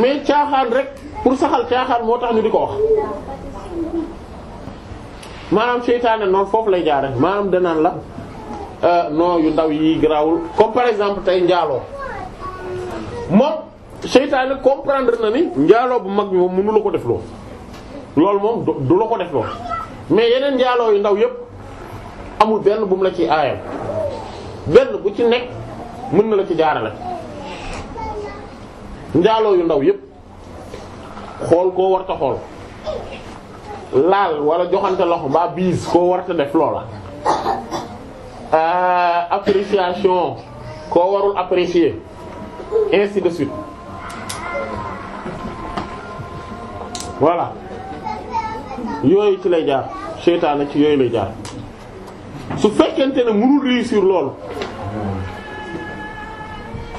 mais caaxaan rek pour saxal caaxaan moo tax ñu di ko wax maanaam seytaane noonu foofu lay jaare maanaam danaan la euh, noo yu ndaw yi garaawul comme par exemple tey njaaloo moom seytaane comprendre na ni njaaloo bu mag bi moom mënu la ko def loo loolu moom du la ko def loo mais yeneen njaaloo yu ndaw yépp amul benn bu mu la ci aayam benn bu ci nekk mën na la ci jaarale njaaloo yu ndaw yépp xool koo warta xool laal wala joxante loxo baa biis koo warta def loola euh, appréciation koo warul apprécier ainsi de suite voilà yooyu ci lay jaar seytaane ci yooyu lay jaar su fekkente ne mënul réussir loolu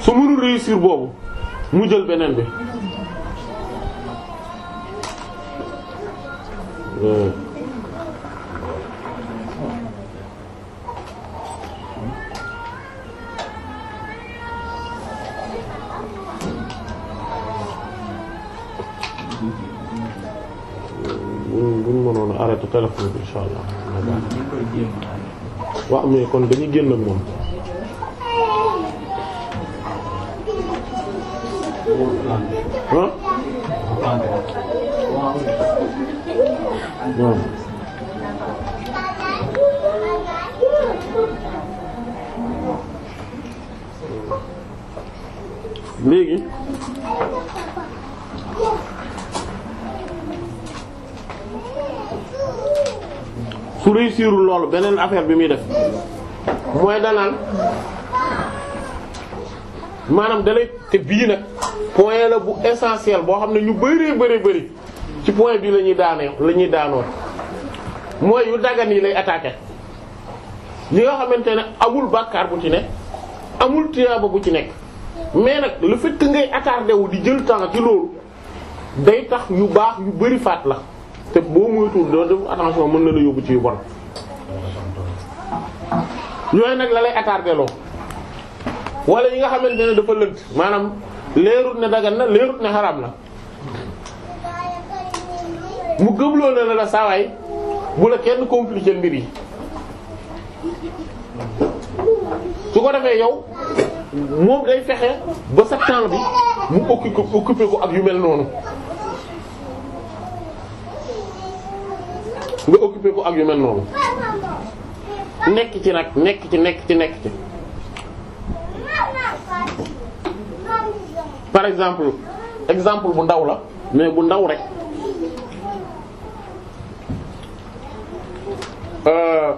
su mënul réussir boobu mu jël beneen bi 그 mënoon a arrêté téléphone bi insha allah waaw mais kon dañuy génn ak moom ah Bon. léegi su réussirul loolu beneen affaire bi muy def mooy danaan maanaam dalay te bii nag point la bu essentiel boo xam ne ñu bëree bëri bëri ci point bi la ñuy daanee la ñuy daanoo mooy yu dagan yi lay attaqué li nga xamante ne amul bàkkaar bu ci ne amul tiyaaba bu ci nekk mais nag lu fait que ngay attardé wu di jël temps ci loolu day tax yu baax yu bari faat la te boo moytuwul doo def attention mën na la yóbbu ci yu bon yooyu nag la lay attardé loo wala yi nga xamante ne dafa lënt maanaam leerut na dagan na leerut ne xaraam na mu gëmloo na la la saawaay bu la kenn compliquer mbir yi su ko defee yow moom day fexe ba sa bi mu occupé occupé ko ak yu mel noonu nga occupé ko ak yu noonu nekk ci nag nekk ci nekk ci nekk ci par exemple exemple bu ndaw la mais bu ndaw rek Euh,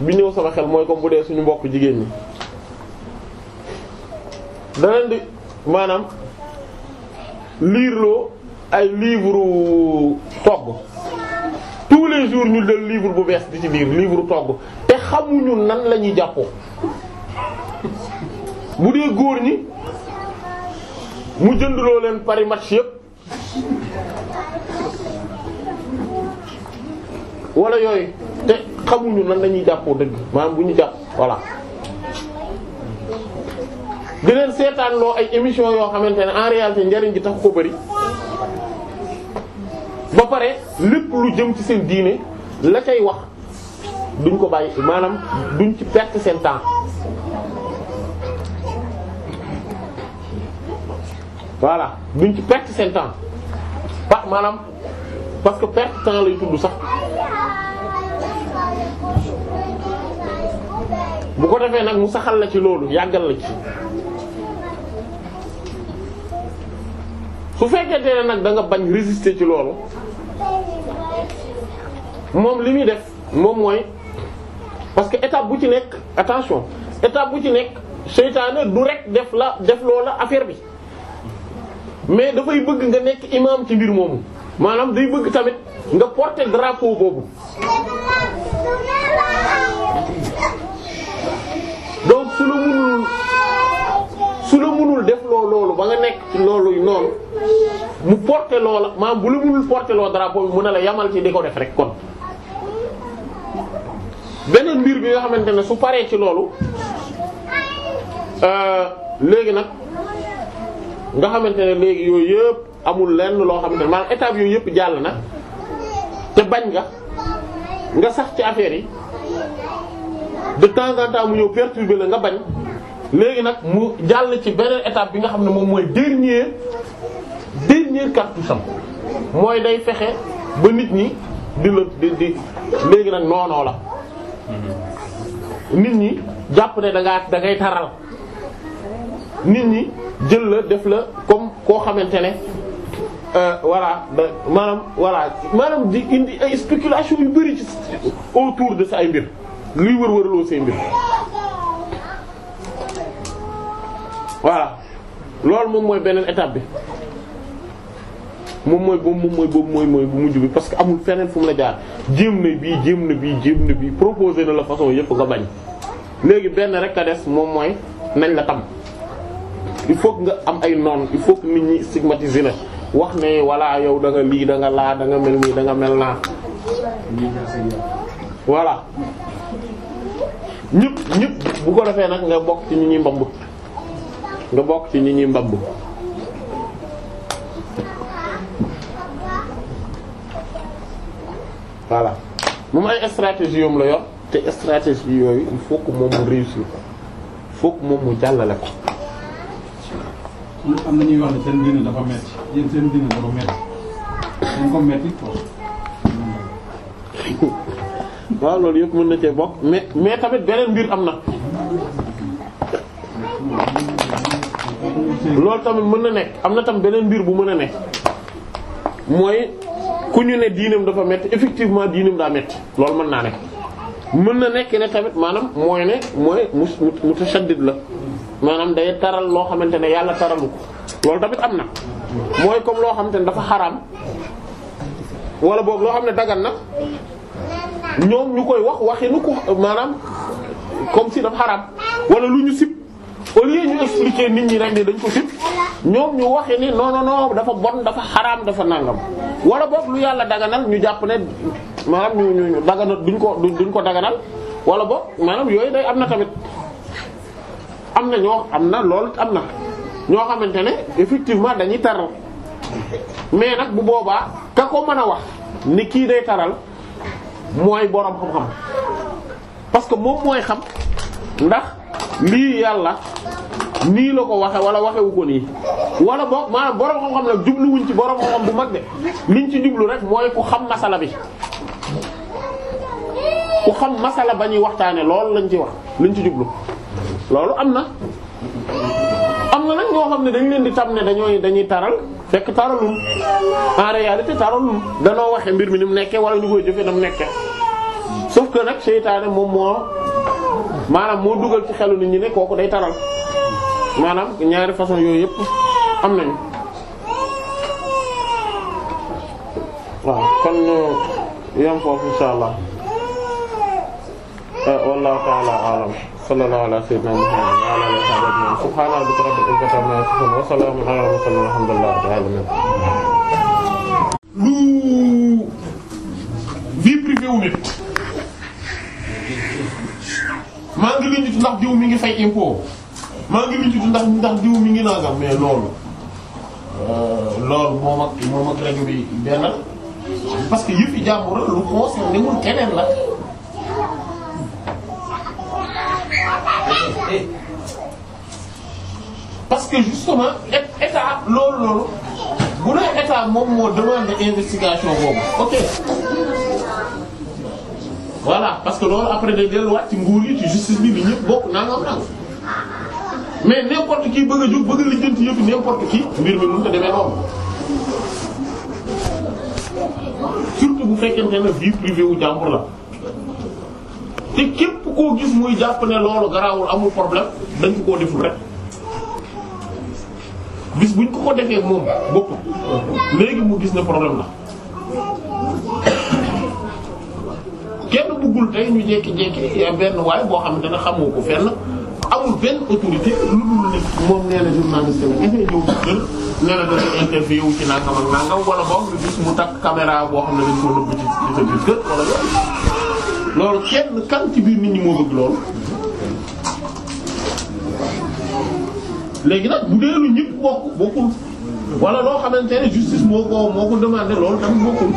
bi ñëw sama xel mooy comme bu dee suñu mbokk jigéen ñi da leen di maanaam liirloo ay livre togg tous les jours ñu del livre bu bees di ci biir livre togg te xamuñu nan la ñuy jàppoo bu dee góor ñi mu jëndloo leen pari match yépp wala yooyu te xamuñu nan lañuy jàppoo dëgg maanaam bu ñu jàpp voilà di leen seetaan loo ay émission yoo xamante ne en réalité njariñ gi tax ko bari ba pare lépp lu jëm ci seen diine la cay wax duñ ko bàyyi maanaam duñ ci perte seen temps voilà duñ ci perte seen temps pa maanaam parce que perte temps lay tudd sax bu ko defee nag mu saxal la ci loolu yàggal la ci su fekkente ne nag da nga bañ résister ci loolu moom li muy def moom mooy parce que étape bu ci nekk attention état bu ci nekk seytaane du rek def la def loola affaire bi mais dafay bëgg nga nekk imam ci mbir moomu maanaam day bëgg tamit nga porter drapeau boobu donc su la mënul su la mënul def loo loolu ba nga nekk ci loolu noonu mu porte loola maanaam bu la mënul porter loo drapeau bi mu ne la yamal ci di ko def rek kon beneen mbir bi nga xamante ne su paree ci loolu euh, léegi nag nga xamante ne léegi yooyu yëpp amul lenn loo xam ne maanaam étape yooyu yëpp jàll na te bañ nga nga sax ci affaire yi de temps en temps mu ñëw la nga bañ léegi nag mu jàll ci beneen étape bi nga xam ne moom mooy dernier dernier cartouche mooy day fexe ba nit ñi di la di di léegi nag noonoo la nit ñi jàpp ne dangay ngaa taral nit ñi jël la def la comme koo xamante ne Euh, voilà da maanaam voilà maanaam di indi ay spéculation yu bari ci autour de sa ay mbir luy wër wëraloo say mbir voilà loolu moom mooy beneen état bi moom mooy boobu mooy boobu mooy bu mujj bi parce que amul feneen fu mu la jaar jéem na bii jéem na bii jéem na bii proposé na la façon yëpp nga bañ léegi benn rek a des moom mooy nañ la tam il faut nga am ay noon il faut nit ñi stigmatiser la wax ne voilà yow da nga lii da nga laa da nga mel nii danga nga mel naa voilà ñëpp ñëpp bu ko defee nag nga bokk ci ñi ñuy mbamb nga bokk ci ñu ñuy mbamb voilà moom ay stratégie yom la yor te stratégie yooyu il faut que moom mu réussir il moom mu jàllale ko am na ñuy wax ne seen diine dafa metti yéen waaw loolu yëpp mën na cee bokk mais mais tamit beneen mbir am na loolu tamit mën na nekk am na tamit beneen mbir bu mën a nekk mooy ku ñu ne diinam dafa metti effectivement diinam daa metti loolu mën naa ne mën na nekk ne tamit maanaam mooy ne mooy mu mu mu tashaddid la maanaam day taral loo xamante ne yàlla taralu ko loolu tamit am na mooy comme loo xamante ne dafa xaraam wala boog loo xam ne dagan na ñoom ñu koy wax waxinu ko maanaam comme si dafa xaraam wala lu ñu sib au nit ñi rek ne dañ ko sib ñu waxe ni non non non dafa bon dafa xaraam dafa nangam wala boog lu yàlla daganal ñu jàpp ne maanaam ñu ñu daganal duñ ko duñ ko daganal wala boog maanaam yooyu day am na tamit. am na ñoo am na loolu am na ñoo xamante ne effectivement dañuy taral mais nag bu boobaa ka ko mën a wax ni kii day taral mooy boroom xam-xam parce que moom mooy xam ndax lii yàlla nii la ko waxe wala waxewu ko nii wala boog maanaam boroom xam-xam nag jubluwuñ ci boroom xam-xam bu mag de liñ ci jublu rek mooy ku xam masala bi ku xam masala ba ñuy waxtaane loolu lañ ci wax liñ ci jublu loolu am na am na nag ñoo xam ne dañ leen di tam ne dañooy dañuy taral fekk taralul en réalité taralul danoo waxe mbir mi ni mu nekkee wala ñu koy jëfee na mu nekkee sauf que nag seytaane moom moo maanaam moo dugal ci xelu nit ñi ne kooku day taral maanaam ñaari façon yooyu yëpp am nañu waaw kon yam foofu insha allah eh, wallahu ta'ala alam sallallahu ala sayyidina Muhammad wa ala alihi wa sahbihi subhana rabbika rabbil izzati amma yasifun wa salamun ala mursalin walhamdulillahi rabbil alamin lu vie privée wu nit maa ngi leen di ndax diw mi ngi fay impôt maa ngi leen di ndax ndax diw mi ngi nangam mais loolu euh, loolu moom ak moom ak rajo bi benn parce que yëpp yi jàmbur lu concerné wul keneen la. parce que justement état loolu loolu bu dee état moom moo demande investigation boobu ok voilà parce que loolu après day delluwaat ci nguur yi ci justice bi bi ñëpp bokk nangam nangam mais n'importe qui bëgg a jóg bëgg a lijjanti yëpp n'importe qui mbir mi mënut a demee noonu surtout bu fekkente ne vie privée wu jàmbur la te képp koo gis muy jàpp ne loolu garaawul amul problème dañ ko koo deful rek bis buñ ko ko defee moom bokkul léegi mu gis ne problème la kenn bëggul tey ñu jékki-jékki benn waaye boo xam ne xamoo ko fenn amul benn autorité lu dul ne moom nee na journaliste la dafay ñëw kër na dafa interview ci nangam ak nangam wala boog lu gis mu takk caméra boo xam ne dañ ko nëbb ci ci sa biir kër wala loolu kenn kan ci biir nit ñi moo bëgg loolu léegi nag bu dee lu ñëpp bokk bokkul wala loo xamante ne justice moo ko moo ko demandé loolu tamit bokkul.